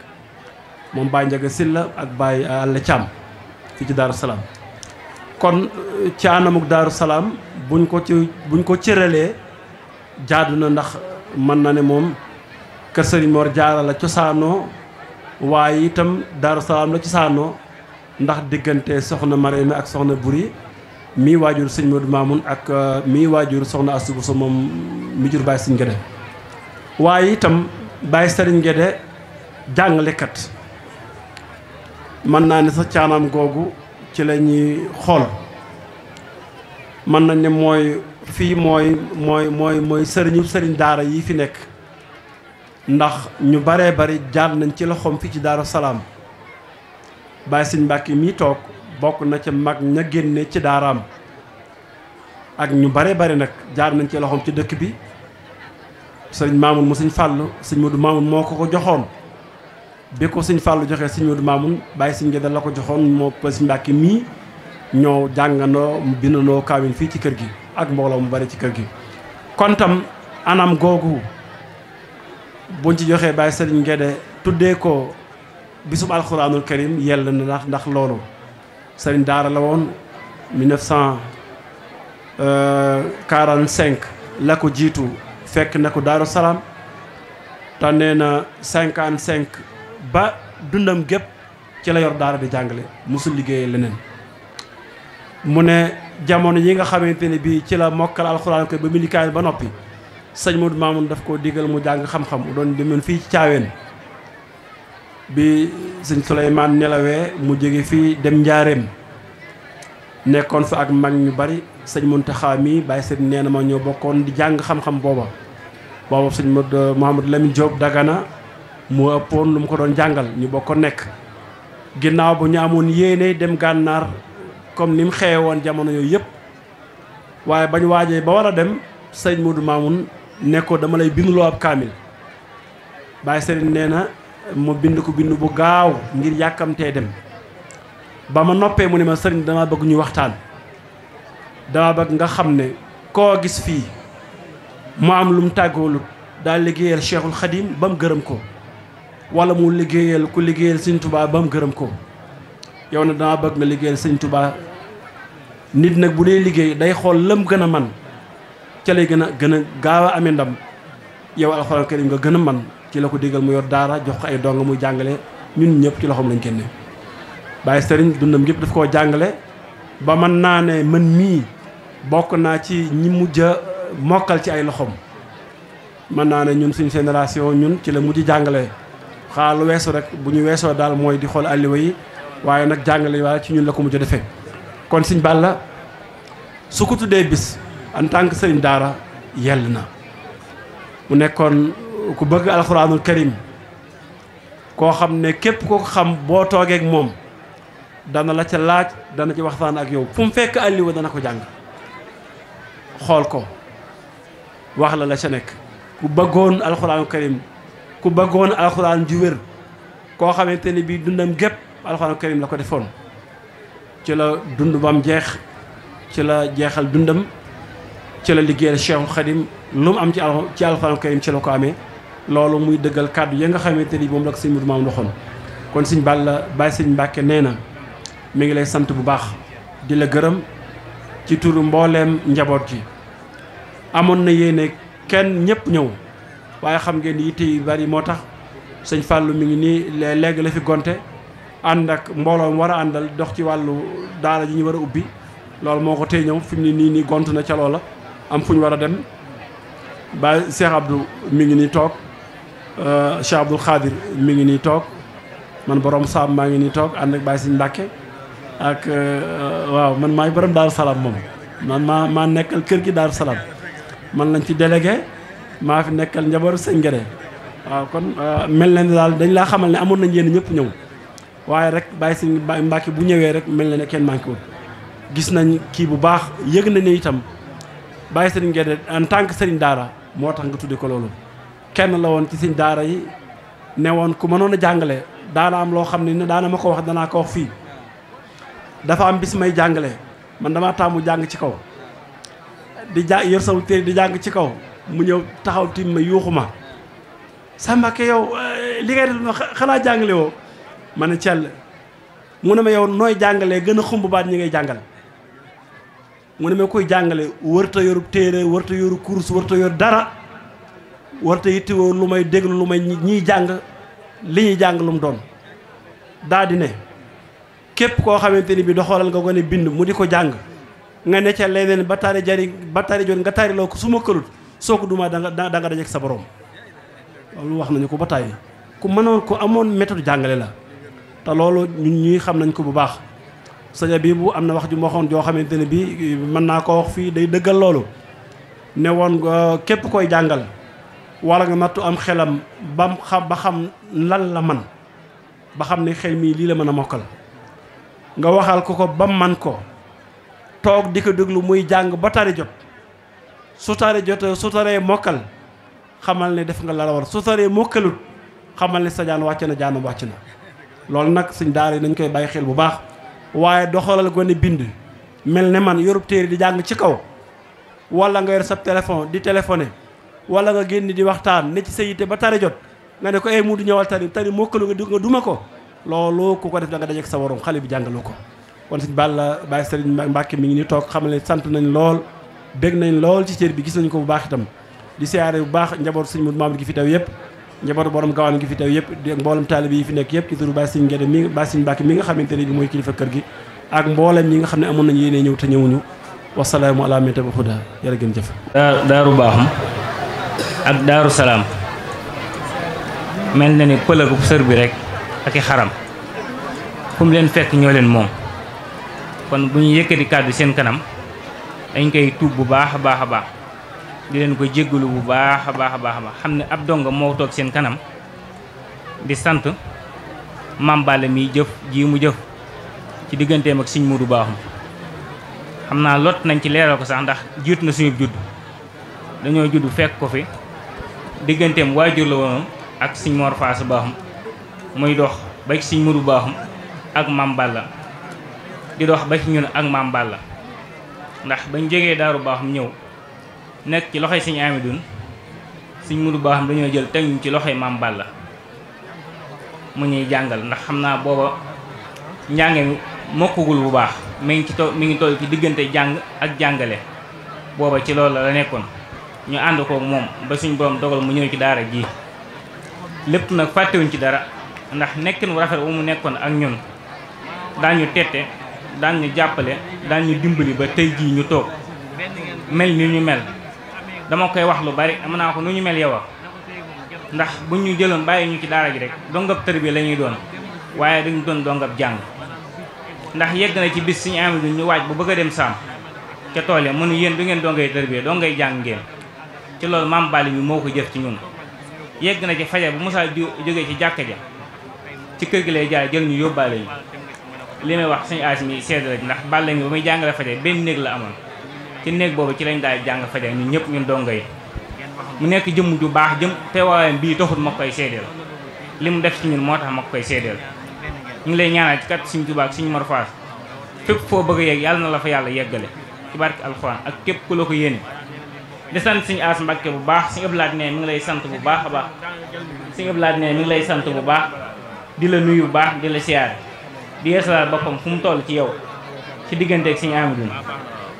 moom Baye sit la ak Baye euh, Alla Thiam fii ci Daaru Salaam kon euh, ci anamuk Daaru Salaam buñ ko ci buñ ko cëralee jaadu na ndax mën na ne moom kër Sëriñ Mor Jaara la cosaanoo waaye itam Daaru Salaam la cosaanoo ndax diggante soxna Marème ak soxna Buri mii waajur sëñ Modou Mamoun ak euh, mii waajur soxna Astou Bousso moom mi jur Baye Sëriñ Guédé waaye itam Baye Sëriñ Guédé jàngalekat mën naa ne sax caanam googu ci la ñuy xool mën nañ ne mooy fii mooy mooy mooy sëriñu sëriñ daara yi fi nekk ndax ñu baree bari jaar nañ ci loxoom fii ci Daaru Salaam Baye Sëriñ Mbàkke mii toog bokk na ci mag ña génne ci daaraam ak ñu bare bare nag jaar nañ ci loxoom ci dëkk bi sëñ Maamun mu fàll Fàllu sëñ Moodu Maamun moo ko ko joxoon bi ko sëñ Fàllu joxee sëñ Moodu Maamun bàyyi sëñ Gédal la ko joxoon moo sëñ mbàkki mii ñoo jàngandoo bindandoo kaawin fii ci kër gi ak mbooloo mu bare ci kër gi kon tam anam googu buñ ci joxee bàyyi sëriñ Gédé tuddee ko bisub alxuraanul karim yell na ndax ndax loolu sëriñ daara la woon 1945 euh, la ko jiitu fekk na ko Daaru Salaam tànnee na 55 ba dundam gépp ci la yor daara di jàngale musul liggéey leneen mu ne jamono yi nga xamante ni bii ci la mokkal alxuraan ko ba milikaay ba noppi sëñ Modou Mamoun daf koo digal mu jàng xam-xam doon demoon fii ci caaween bi sëñ Souleymane nelawee mu jóge fii dem njaareem nekkoon fa ak mag ñu bari sëñ Muntaxa mii bàyyi sëñ nee na ma ñoo bokkoon di jàng xam-xam booba booba sëñ Mouhamadou Lamine Diop Dagana mu ëppoon lu mu ko doon jàngal ñu bokkoon nekk ginnaaw bu ñu amoon yéene dem gànnaar comme ni mu xewe woon jamono yooyu yëpp waaye bañ waajee ba war a dem sëñ Modou Mamoun ne dama lay binduloo ab kaamil ma bind ko bind bu gaaw ngir yàkkamtee dem ba ma noppee mu ne ma sëriñ dama bëgg ñu waxtaan dama bëgg nga xam ne koo gis fii mu am lu mu tàggoolut daal liggéeyal cheikhul xadim ba mu gërëm ko wala mu liggéeyal ku liggéeyal sëñ tubaa ba mu gërëm ko yow na dama bëgg nga liggéeyal sëñ tubaa nit nag bu dee liggéey day xool lëm gën a man ca lay gën a gën a gaaw a amee ndam yow alxuraan nga gën a man ci la ko digal mu yor daara jox ko ay dong muy jàngale ñun ñëpp ci loxoom lañ kenn bàyyi sëriñ dundam yëpp daf koo jàngale ba mën naa ne man mii bokk naa ci ñi mujj mokkal ci ay loxoom mën naa ne ñun suñu génération ñun ci la mujj jàngale xaar weesu rek bu ñu weesoo daal mooy di xool àlliwa yi waaye nag jàngale waaye ci ñun la ko mujj a defee kon Sëñ la su ko tuddee bis en tant que sëriñ daara yell na mu nekkoon ku bëgg alxuraanul karim koo xam ne képp ko xam boo toogeek moom dana la ca laaj dana ci waxtaan ak yow fu mu fekk àlliwa dana ko jàng xool ko wax la la ca nekk ku bëggoon alxuraanul karim ku bëggoon alxuraan ju wér koo xamante ne bii dundam gépp alxuraanul karim la ko defoon ci la dund bam jeex ci la jeexal dundam ci la liggéeyal Cheikhul Khadim lu mu am ci ci alxuraanul karim ci la ko amee loolu muy dëggal kàddu ya nga xamante ni moom la ko sëñ Modou Mamoune waxoon kon sëñ la Baye sëñ Mbàkke nee na mi ngi lay sant bu baax di la gërëm ci turu mbooleem njaboot gi amoon na yéene kenn ñëpp ñëw waaye xam ngeen yitte yu bari moo tax sëñ fàllu mi ngi nii lee léegi la fi gonte ànd ak mbooloo war a àndal dox ci wàllu daara ji ñu war a ubbi loolu moo ko tey ñëw fi ne nii nii gont na ca loola am fu ñu war a dem ba Cheikh Abdou mi ngi nii toog Euh, Cheikh Abdoul Khadir mi ngi nii toog man borom saam maa ngi nii toog ànd ak Baye Siñ Mbàkke ak euh, euh, waaw man maa maay borom daal Salaam moom man maa maa nekkal kër gi Daaru Salaam man lañ fi délégué maa fi nekkal njabootu sëñ Ngede waaw kon mel na daal dañ laa xamal ne amoon nañ yéen ñëpp ñëw waaye rek Baye Siñ Mbàkke bu ñëwee rek mel na ne kenn manqué wul gis nañ kii bu baax yëg nañ ne itam bàyyi seen Ngede en tant que sëriñ daara moo tax nga tudde ko loolu kenn la woon ci suñ daara yi ne woon ku mënoon a jàngale daana am loo xam ne ni daana ma ko wax danaa ko wax fii dafa am bis may jàngale man damaa tàmmu jàng ci kaw di ja yor saw téere di jàng ci kaw mu ñëw taxaw tim yuuxu ma Samba ke yow eh, li ngay def xanaa jàngale woo ma ne Thiel mu ne ma yow nooy jàngalee gën a xumb baat ñi ngay jàngale mu ne ma kuy jàngale wërta yorub téere wërta yoru course wërta yor dara warta yittewoo lu may déglu lu may ñiy jàng li ñuy jàng lu mu doon daa ne képp koo xamante ni bi doxalal nga ko ne bind mu di ko jàng nga ne ca leneen ba taari jari ba taari jot nga taari loo ko suma ma këlut soo ko dumaa danga da nga dajeek sa borom loolu wax nañu ko ba tàyyi ku mënoon ko amoon méthode jàngale la te loolu ñun ñuy xam nañ ko bu baax sëñ bii bu am na wax ju ma waxoon joo xamante ne bi mën naa koo wax fii day dëggal loolu ne woon euh, képp koy jàngal wala nga nattu am xelam bam xam ba xam lan la man ba xam ne xel mii lii la mën a mokkal nga waxal ko ko bam man ko toog di ko déglu muy jàng ba tari jot su tari jot su taree mokkal xamal ne def nga la la war su taree mokkalut xamal ne sa jaan wàcc na jaanu wàcc na loolu nag suñ daara yi nañ koy bàyyi xel bu baax waaye doxalal gone bind mel ne man yorub téere di jàng ci kaw walla nga yor sa téléphone di téléphoné wala nga génn di waxtaan ne ci sa yitte ba tari jot nga ne ko ay mu du ñëwal tari tari mokkalu nga nga duma ko loolu ku ko def da nga dajeek sa waroom xale bi jàngaloo ko kon sëñ Balla Baye Sëriñ Mbàkke mi ngi ni toog xam ne sant nañ lool bég nañ lool ci cër bi gis nañ ko bu baax itam di siyaare bu baax njaboot sëñ Mudu Maamadu fi teew yëpp njabootu borom gawaan gi fi teew yëpp di mboolem taalibe yi fi nekk yëpp ci turu Baye Sëriñ Ngédé mi Baye Sëriñ Mbàkke mi nga xamante ne bi mooy kilifa kër gi ak mboolem ñi nga xam ne amoon nañu yéene ñëw te ñëwuñu wasalaamu ala man tabi'al hudaa yàlla gën jëf daaru baaxam ak daaru salaam mel na ni pëlëgu sër bi rek ak i xaram fu mu leen fekk ñoo leen moom kon bu ñu yëkkati kàddu seen kanam dañ koy tuub bu baax a baax a baax di leen ko jéggalu bu baax a baax a baax xam ne ab donga moo toog seen kanam di sant Mame Balla miy jëf ji mu jëf ci digganteem ak Sëñ Moodu Baaxum xam naa lot nañ ci leeral ko sax ndax jiit na suñu judd dañoo judd fekk ko fi digganteem waajur la woon ak sëñ Mor Faasa baaxum muy dox ba ci sëñ Mudu baaxum ak Maam la di dox ba ci ñun ak Maam la ndax bañ jógee daaru baaxum ñëw nekk ci loxo sëñ Amidun sëñ Mudu baaxum dañoo jël teg ñu ci loxo Maam la mu ñuy jàngal ndax xam naa booba njànge mi mokkugul bu baax mi ngi ci mi ngi toll ci diggante jàng ak jàngale booba ci loolu la la nekkoon ñu ànd ko moom ba suñ borom dogal mu ñëw ci daara ji lépp nag fàttewuñ ci dara ndax nekkin wu rafet wu mu nekkoon ak ñun daañu tette daañu jàppale daañu dimbali ba tey jii ñu toog mel ni ñu mel dama koy wax lu bari am naa ko nu ñu mel yow ndax bu ñu jëloon bàyyi ñu ci daara ji rek dongab tër bi la ñuy doon waaye dañu doon dongab jàng ndax yegg na ci bis suñu amee ñu waaj bu bëgg dem saam ca tool ya mënu yéen du ngeen dongay tër bi jàng ngeen ci loolu maam Bali mi moo ko jëf ci ñun yegg na ci fajar bu Moussa jóge ci jàkka ja ci kër gi lay jaay jël ñu yóbbaale ñu li may wax suñu aas mi seede rek ndax bàlle ngi ba muy jàngale fajar benn néeg la amoon ci néeg boobu ci lañ daal jàng fajar ñun ñëpp ñun dongo yi mu nekk jëmm ju baax jëm te teewaayam bii taxul ma koy seedeel li mu def ci ñun moo tax ma koy seedeel ñu ngi lay ñaanal ci kat suñu Tuubaa ak suñu Mor Faas fépp foo bëgg a yegg yàlla na la fa yàlla yeggale ci barke ak képp ku la ko yéene di sant suñu aas mbàkke bu baax suñu laaj nee mi ngi lay sant bu baax a baax suñu laaj nee mi ngi lay sant bu baax di la nuyu bu baax di la siyaare di yeesalaat boppam fu mu toll ci yow ci diggante digganteeg suñu amidun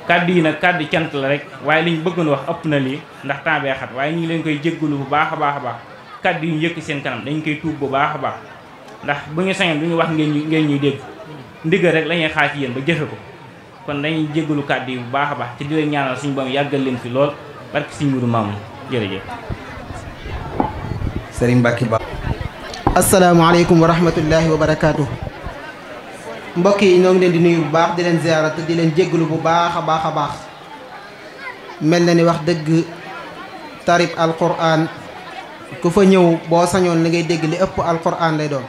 kàddu yi nag kàddu cant la rek waaye li ñu bëggoon wax ëpp na lii ndax temps bee xat waaye ñu ngi leen koy jéggalu bu baax a baax a baax kàddu yi ñu yëkk seen kanam dañu koy tuub bu baax a baax ndax bu ñu sañoon du ñu wax ngeen ñu ngeen ñuy dégg ndigal rek la ñuy xaar ci ba jëfe ko kon dañuy jéggalu kàddu yi bu baax a baax te di suñu boom yàggal leen fi lool barke Sëriñ Moodu jërëjëf. Sëriñ Mbacke Ba. asalaamaaleykum wa rahmatullahi wa barakaatu. mbokk yi ñoo ngi leen di nuyu bu baax di leen ziyaara te di leen jégalu bu baax a baax a baax. mel na ni wax dëgg tarib alquran ku fa ñëw boo sañoon li ngay dégg li ëpp alquran lay doon.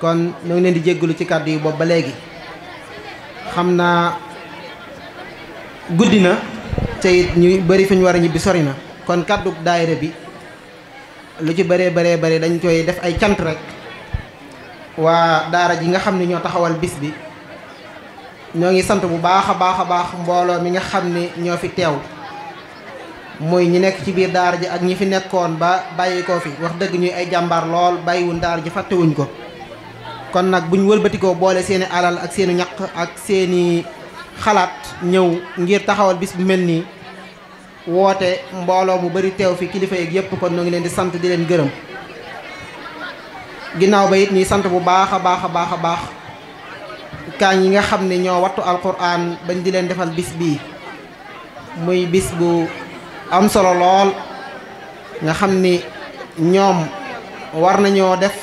kon ñoo ngi leen di jégalu ci kàddu yi boobu ba léegi. xam naa guddi na. te it ñu bëri fi ñu war a ñibbi sori na kon kàddu daayira bi lu ci bëree bëree bëri dañ koy def ay cant rek waa daara ji nga xam ne ñoo taxawal bis bi ñoo ngi sant bu baax a baax a baax mbooloo mi nga xam ne ñoo fi teewul muy ñi nekk ci biir daara ji ak ñi fi nekkoon ba bàyyi ko fi wax dëgg ñuy ay jàmbaar lool bàyyiwuñ daara ji fàttewuñ ko kon nag bu ñu wëlbatikoo boole seeni alal ak seeni ñaq ak seeni xalaat ñëw ngir taxawal bis bi mel nii woote mbooloo mu bari teew fi kilifa yeeg yëpp kon ñoo ngi leen di sant di leen gërëm ginnaaw ba it ñuy sant bu baax a baax a baax a baax kaan yi nga xam ne ñoo wattu alquran bañ di leen defal bis bii muy bis bu am solo lool nga xam ni ñoom war nañoo def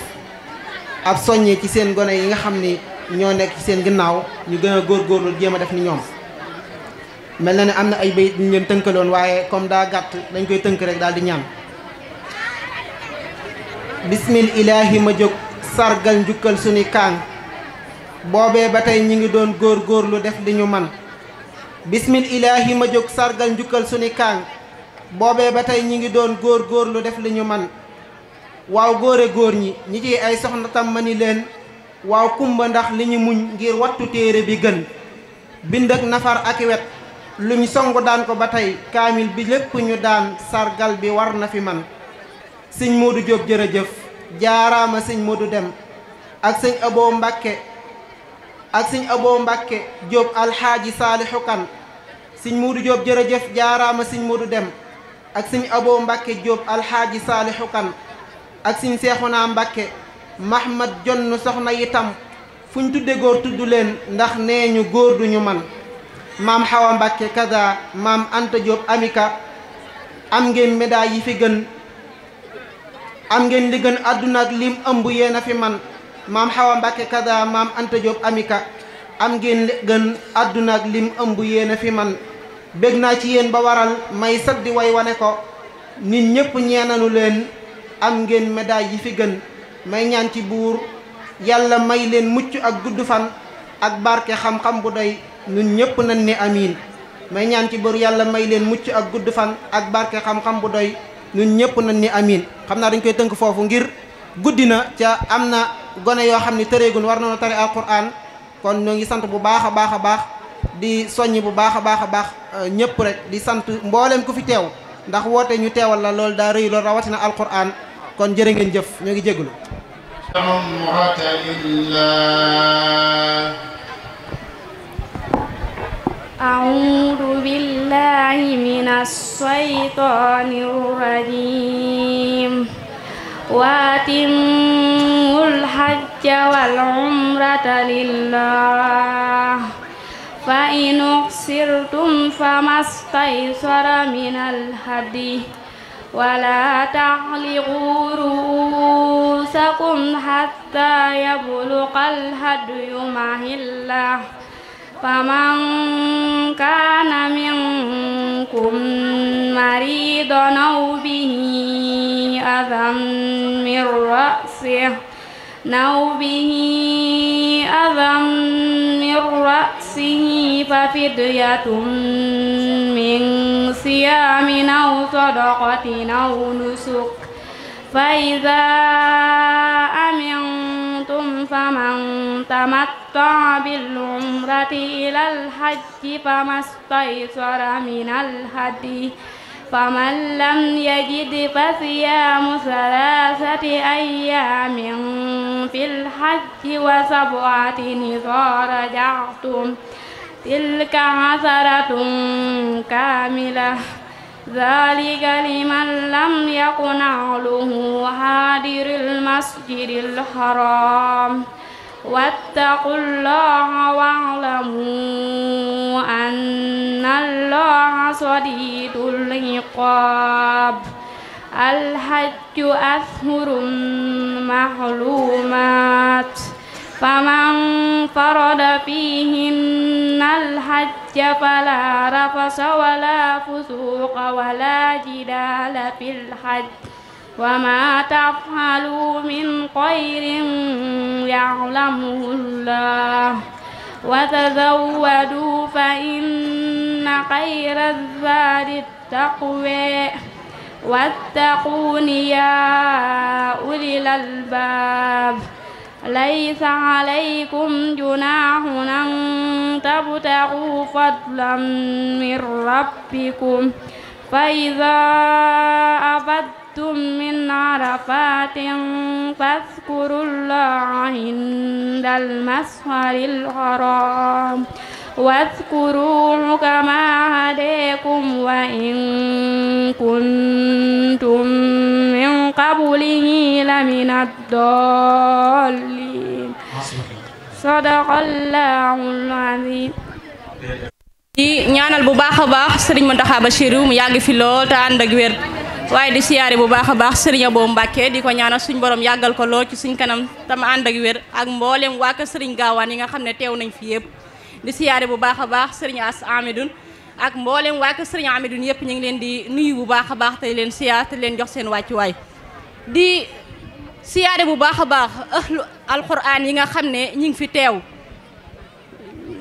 ab soññee ci seen gone yi nga xam ni ñoo nekk ci seen ginnaaw ñu gën a góorlu jéem a def ni ñoom mel na ne am na ay bayit ñu leen tënkaloon waaye comme daa gàtt dañ koy tënk rek daal di ñaan bismil ilaahi ma jóg sargal njukkal suñu kaang boobee ba tey ñi ngi doon góor góor lu def li ñu man bismil ilaahi ma jóg sargal njukkal suñu kaang boobee ba tey ñi ngi doon góor góorlu def li ñu man waaw góore góor ñi ñi ci ay soxna ma ni leen waaw kumba ndax li ñu muñ ngir wattu téere bi gën bind ak nafar ak wet lu ñu song daan ko ba tey kaamil bi lépp ñu daan sargal bi war na fi man sëñ Modou Diop jërëjëf jaaraama sëñ Modou Dem ak sëñ Abo mbakke ak sëñ Abo mbakke Diop alxaaji Saalixu Kan sëñ Modou Diop jërëjëf jaaraama sëñ Modou Dem ak sëñ Abo Mbàkke Diop alxaaji Saalixu Kan ak sëñ Seexuna Mbàkke Mahmad jonn soxna itam fu ñu tudde góor tudd leen ndax nee ñu góor ñu man maam Xawa Mbàkke kada maam Anta amika am ngeen médaille yi fi gën am ngeen li gën àdduna ak lim ëmb yéen a fi man maam Xawa Mbàkke kada maam Anta amika am ngeen li gën àdduna ak ëmb yéena fi man bég naa ci yéen ba waral may sat di way wane ko nit ñépp ñeenalu leen am ngeen médaille yi fi gën may ñaan ci buur yàlla may leen mucc ak gudd fan ak barke xam-xam bu doy ñun ñëpp nañ ni amiin may ñaan ci bër yàlla may leen mucc ak gudd fan ak barke xam-xam bu doy ñun ñëpp nañ ni amiin xam naa dañ koy tënk foofu ngir guddi na ca am na gone yoo xam ne tëreegun war nañoo tare alquran kon ñoo ngi sant bu baax a baax a baax di soññ bu baax a baax a baax euh, ñëpp di sant mbooleem ku fi teew ndax woote ñu teewal la loolu daa rëy loolu rawatina alquran kon jërë ngeen jëf ñoo ngi jégalu. أعوذ بالله من الشيطان الرجيم وأتموا الحج والعمرة لله فإن أقصرتم فما استيسر من الهدي ولا تعلقوا رؤوسكم حتى يبلغ الهدي محله فمن كان منكم مريضا أو به أذى من رأسه أو به أذى من رأسه ففدية من صيام أو صدقة أو نسك فإذا أمنتم أحسنتم فمن تمتع بالعمرة إلى الحج فما استيسر من الهدي فمن لم يجد فصيام ثلاثة أيام في الحج وسبعة إذا رجعتم تلك عثرة كاملة ذلك لمن لم يكن أهله حاضر المسجد الحرام واتقوا الله واعلموا أن الله شديد العقاب الحج أشهر معلومات فمن فرض فيهن الحج فلا رفس ولا فسوق ولا جدال في الحج وما تفعلوا من خير يعلمه الله وتزودوا فإن خير الزاد التقوى واتقون يا أولي الألباب ليس عليكم جناح أن تبتغوا فضلا من ربكم فإذا أفدتم من عرفات فاذكروا الله عند المسهر الحرام واذكروه كما هديكم وإن كنتم قبله لمن الضالين صدق الله العظيم di ñaanal bu baax a baax ma sëriñ Mountakha Bassirou mu yàgg fi lool te ànd ak wér waaye di siyaari bu baax a baax sëriñ Abo Mbàkke di ko ñaanal suñ borom yàggal ko lool ci suñ kanam tam ànd ak wér ak mboolem waa kër sëriñ gaawaan yi nga xam ne teew nañ fi yëpp di siyaare bu baax a baax sëriñ As Amidoun ak mboolem waa kër sëriñ Amidoun yëpp ñu ngi leen di nuyu bu baax a baax tey leen siyaar te leen jox seen wàccuwaay di siyaare bu baax a baax ahlu alquran yi nga xam ne ñu ngi fi teew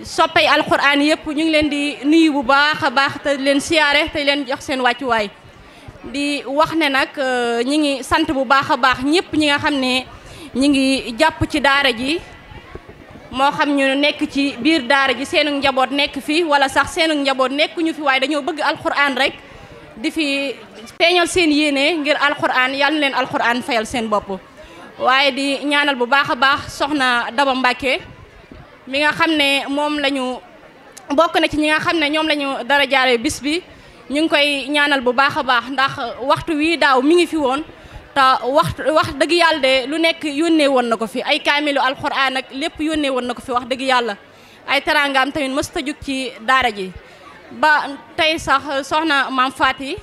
soppay alquran yëpp ñu ngi leen di nuyu bu baax a baax te leen siyaare te leen jox seen wàccuwaay di wax ne nag euh, ñi ngi sant bu baax a baax ñëpp ñi nga xam ne ñi ngi jàpp ci daara ji moo xam ñu nekk ci biir daara ji seenu njaboot nekk fi wala sax seenu njaboot nekkuñu fi waaye dañoo bëgg alquran rek di fi feeñal seen yéene ngir alxuraan yal na leen alxuraan fayal seen bopp waaye di ñaanal bu baax a baax soxna Daba Mbàkke mi nga xam ne moom lañu bokk na ci ñi nga xam ne ñoom lañu dara jaare bis bi ñu ngi koy ñaanal bu baax a baax ndax waxtu wii daaw mi ngi fi woon te waxtu wax dëgg yàlla de lu nekk yónnee woon na ko fi ay kaamilu alxuraan ak lépp yónnee woon na ko fi wax dëgg yàlla ay teraangaam tamit mës ta jug ci daara ji ba tey sax euh, soxna maam Faty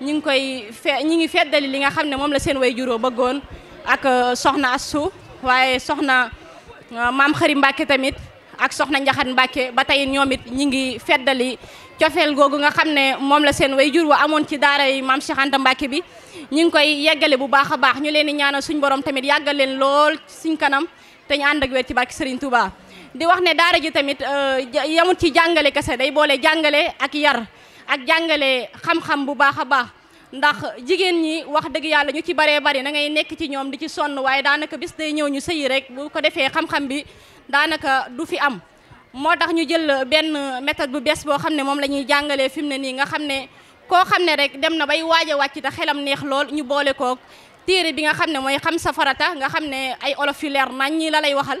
ñi ngi koy fe ñi ngi feddali li nga xam ne moom la seen way juróo bëggoon ak euh, soxna Astou waaye soxna euh, maam Xari Mbàkke tamit ak soxna Njaxat Mbàkke ba tey ñoom it ñi ngi feddali cofeel googu nga xam ne moom la seen way jur wa amoon ci daara yi maam Cheikh Anta Mbàkke bi ñi ngi koy yeggale bu baax a baax ñu leen di ñaanal suñ borom tamit yàggaleen lool suñ kanam te ñu ànd ak wér ci barke Serigne Touba di wax ne daara ji tamit euh, yamut ci jàngale kese day boole jàngale ak yar ak jàngale xam-xam bu baax a baax ndax jigéen ñi wax dëgg yàlla ñu ci baree bari na ngay nekk ci ñoom di ci sonn waaye daanaka bis day ñëw ñu sëyi rek bu ko defee xam-xam bi daanaka du fi am moo tax ñu jël benn méthode bu bees boo xam ne moom la ñuy jàngalee fi mu ne nii nga xam ne koo xam ne rek dem na bay waaj a wàcc te xelam neex lool ñu boole kook téere bi nga xam ne mooy xam sa farata nga xam ne ay olof yu leer nañ la lay waxal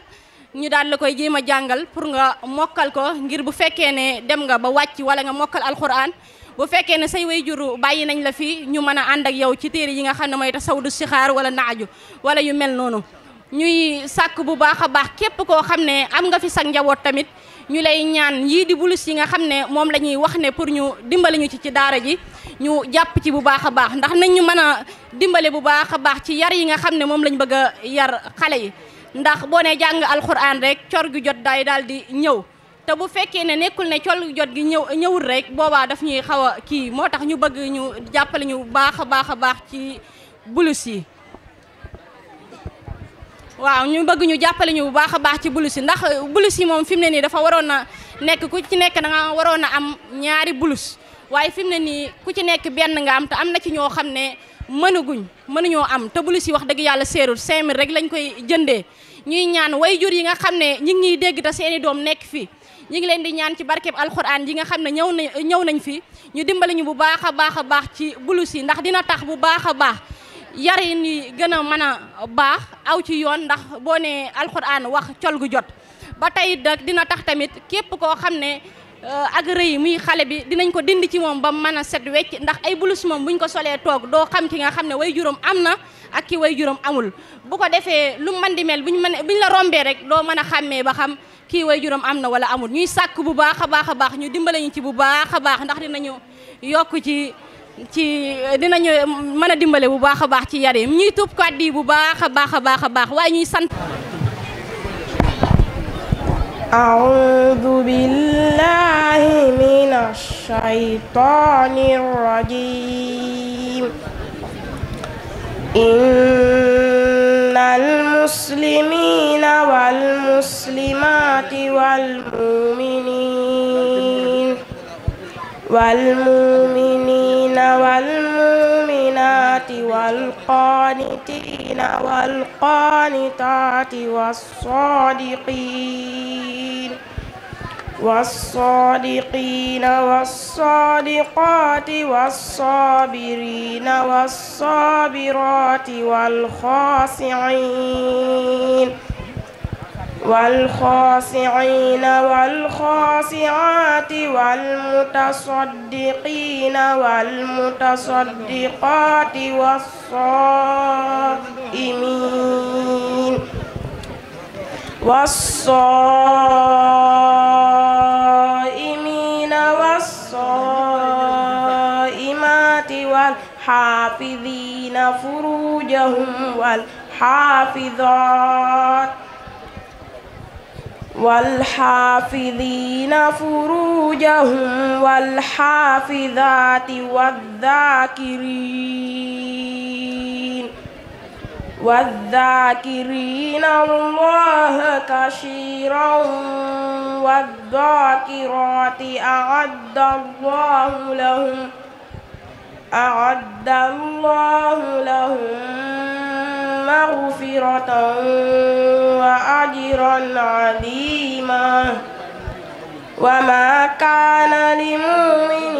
ñu daan la koy jéem a jàngal pour nga mokkal ko ngir bu fekkee ne dem nga ba wàcc wala nga mokkal alquran bu fekkee ne say wayjur bàyyi nañ la fi ñu mën a ànd ak yow ci téere yi nga xam ne mooy tasawudu sixaar wala naaju wala yu mel noonu ñuy sàkk bu baax a baax képp koo xam ne am nga fi sag njaboot tamit ñu lay ñaan yii di bulus yi nga xam ne moom la ñuy wax ne pour ñu dimbali ñu ci ci daara ji ñu jàpp ci bu baax a baax ndax nañ ñu mën a dimbale bu baax a baax ci yar yi nga xam ne moom lañ bëgg a yar xale yi ndax boo ne jàng alxuraan rek cor gi jot day daal di ñëw te bu fekkee ne nekkul ne cor gi jot gi ñëw ñëwul rek boobaa daf ñuy xaw a kii moo tax ñu bëgg ñu jàppale ñu baax a baax a baax ci bulus yi waaw ñu bëgg ñu jàppale ñu bu baax a baax ci bulus yi ndax bulus yi moom fi mu ne nii dafa waroon a nekk ku ci nekk da nga waroon a am ñaari bulus waaye fi mu ne nii ku ci nekk benn nga am te am na ci ñoo xam ne mënaguñ mënuñoo am te bulus yi wax dëgg yàlla seerul 5000 rek lañ koy jëndee ñuy ñaan way jur yi nga xam ne ñi ngi ñuy dégg te seeni doom nekk fii ñu ngi leen di ñaan ci barkeb alxuraan yi nga xam ne ñëw nañ ñëw nañ fi ñu dimbali ñu bu baax a baax a baax ci bulus yi ndax dina tax bu baax a baax yar yi ni gën a mën a baax aw ci yoon ndax boo ne alxuraan wax col gu jot ba tey dina tax tamit képp koo xam ne Euh, ak yi muy xale bi dinañ ko dind ci moom ba mën a set wecc ndax ay bulus moom bu ñu ko solee toog doo xam ki nga xam ne way juróom am na ak ki way juróom amul bu ko defee lu man di mel buñ mën buñ la rombee rek doo mën a xàmmee ba xam kii way juróom am na wala amul ñuy sàkk bu baax a baax a baax ñu dimbale ñu ci bu baax a baax ndax dinañu yokk ci ci dinañu mën a dimbale bu baax a baax ci yar yi ñuy tuub kàddu yi bu baax a baax a baax a baax waaye ñuy sant أعوذ بالله من الشيطان الرجيم إن المسلمين والمسلمات والمؤمنين والمؤمنين والمؤمنات والقانتين والقانتات والصادقين والصادقين والصادقات والصابرين والصابرات والخاشعين والخاشعين والخاشعات الصدقات والمتصدقين والمتصدقات والصائمين والصائمين والصائمات والحافظين فروجهم والحافظات والحافظين فروجهم والحافظات والذاكرين والذاكرين الله كثيرا والذاكرات أعد الله لهم أعد الله لهم مغفرة وأجرا عظيما وما كان لمؤمن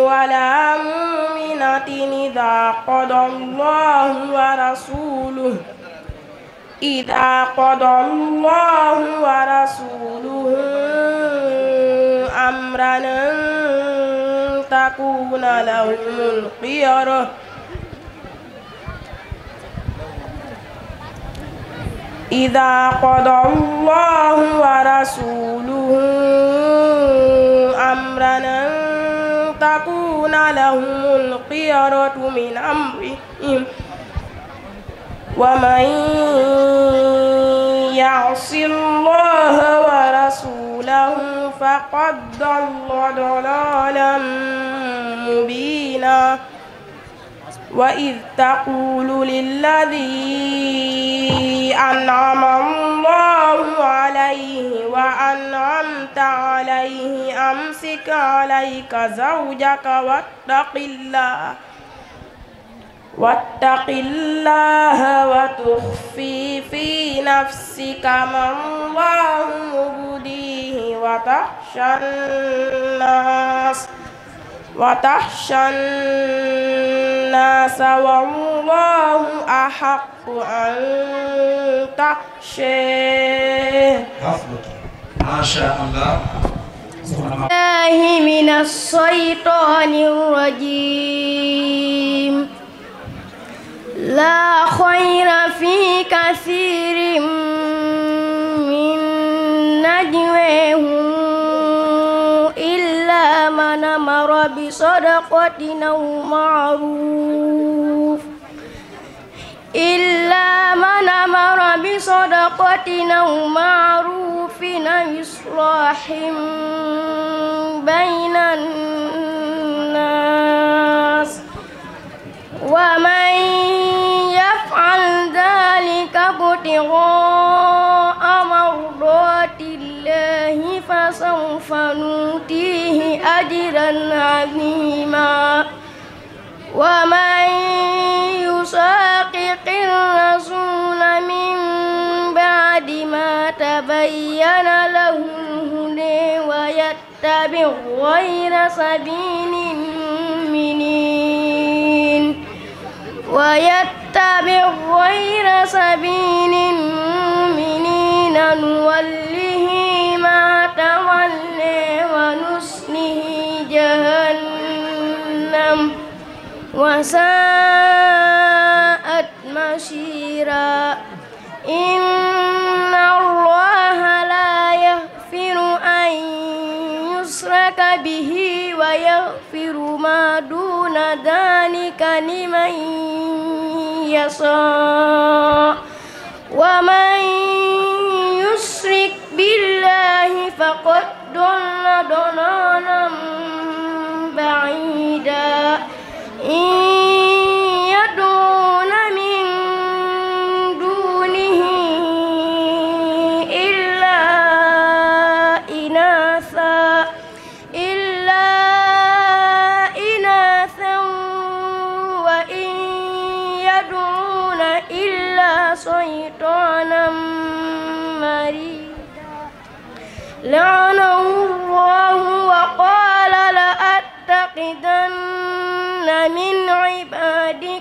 ولا مؤمنة إذا قضى الله ورسوله إذا قضى الله ورسوله أمرنا تكون لهم الخيرة إذا قضى الله ورسوله أمرا أن تكون لهم الخيرة من أمرهم ومن يعص الله ورسوله فقد ضل ضلالا مبينا وإذ تقول للذي أنعم الله عليه وأنعمت عليه أمسك عليك زوجك واتق الله واتق الله وتخفي في نفسك ما الله مبديه وتخشى الناس وتخشى الناس والله أحق أن تخشيه حسبك ما شاء الله الله من الشيطان الرجيم لا خير في كثير من نجواهم إلا من أمر بصدقة أو معروف إلا من أمر بصدقة أو معروف أو إصلاح بين الناس ومن يفعل ذلك ابتغاء مرضات الله فسوف نؤتيه أجرا عظيما ومن يشاقق الرسول من بعد ما تبين له الهدى ويتبع غير سبيل المؤمنين ويتبع نتبع غير سبيل المؤمنين نوله ما تولي ونسله جهنم وساءت مشيرا إن الله لا يغفر أن يشرك به ويغفر ما دون ذلك لمن يشاء ومن يشرك بالله فقد ضل ضلالا بعيدا إن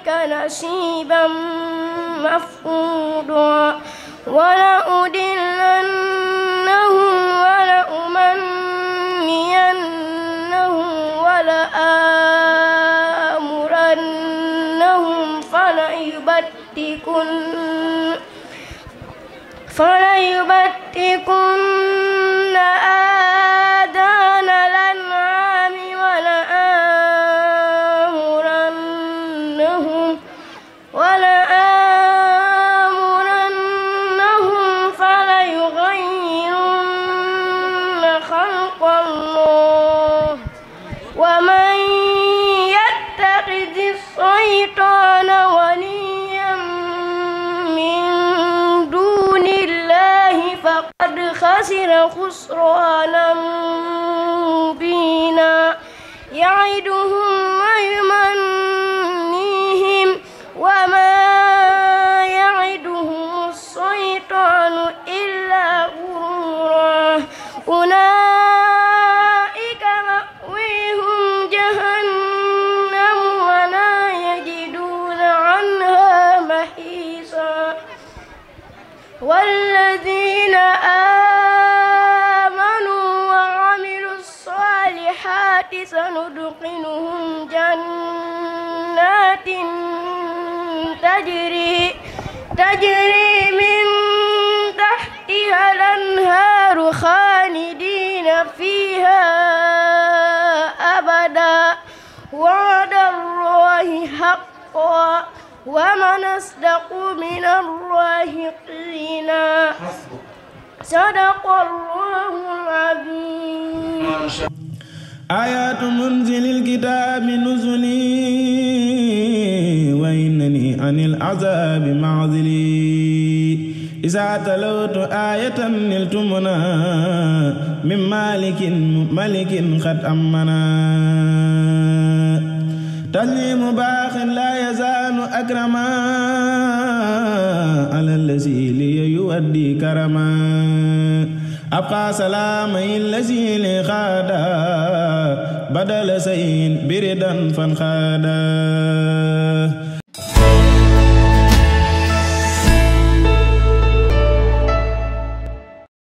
ذلك نصيبا مفقودا ولأدلنهم ولأمنينهم ولآمرنهم فليبتكن فليبتكن تجري تجري من تحتها الأنهار خالدين فيها أبدا وعد الله حقا ومن أصدق من الله قيلا صدق الله العظيم آيات منزل الكتاب نزلي عن العذاب معذلي إذا تلوت آية نلت منا من مالك ملك قد أمنا تسليم باخ لا يزال أكرما على الذي لي يؤدي كرما أبقى سلامي الذي لي خادا بدل سيء بردا فانخادا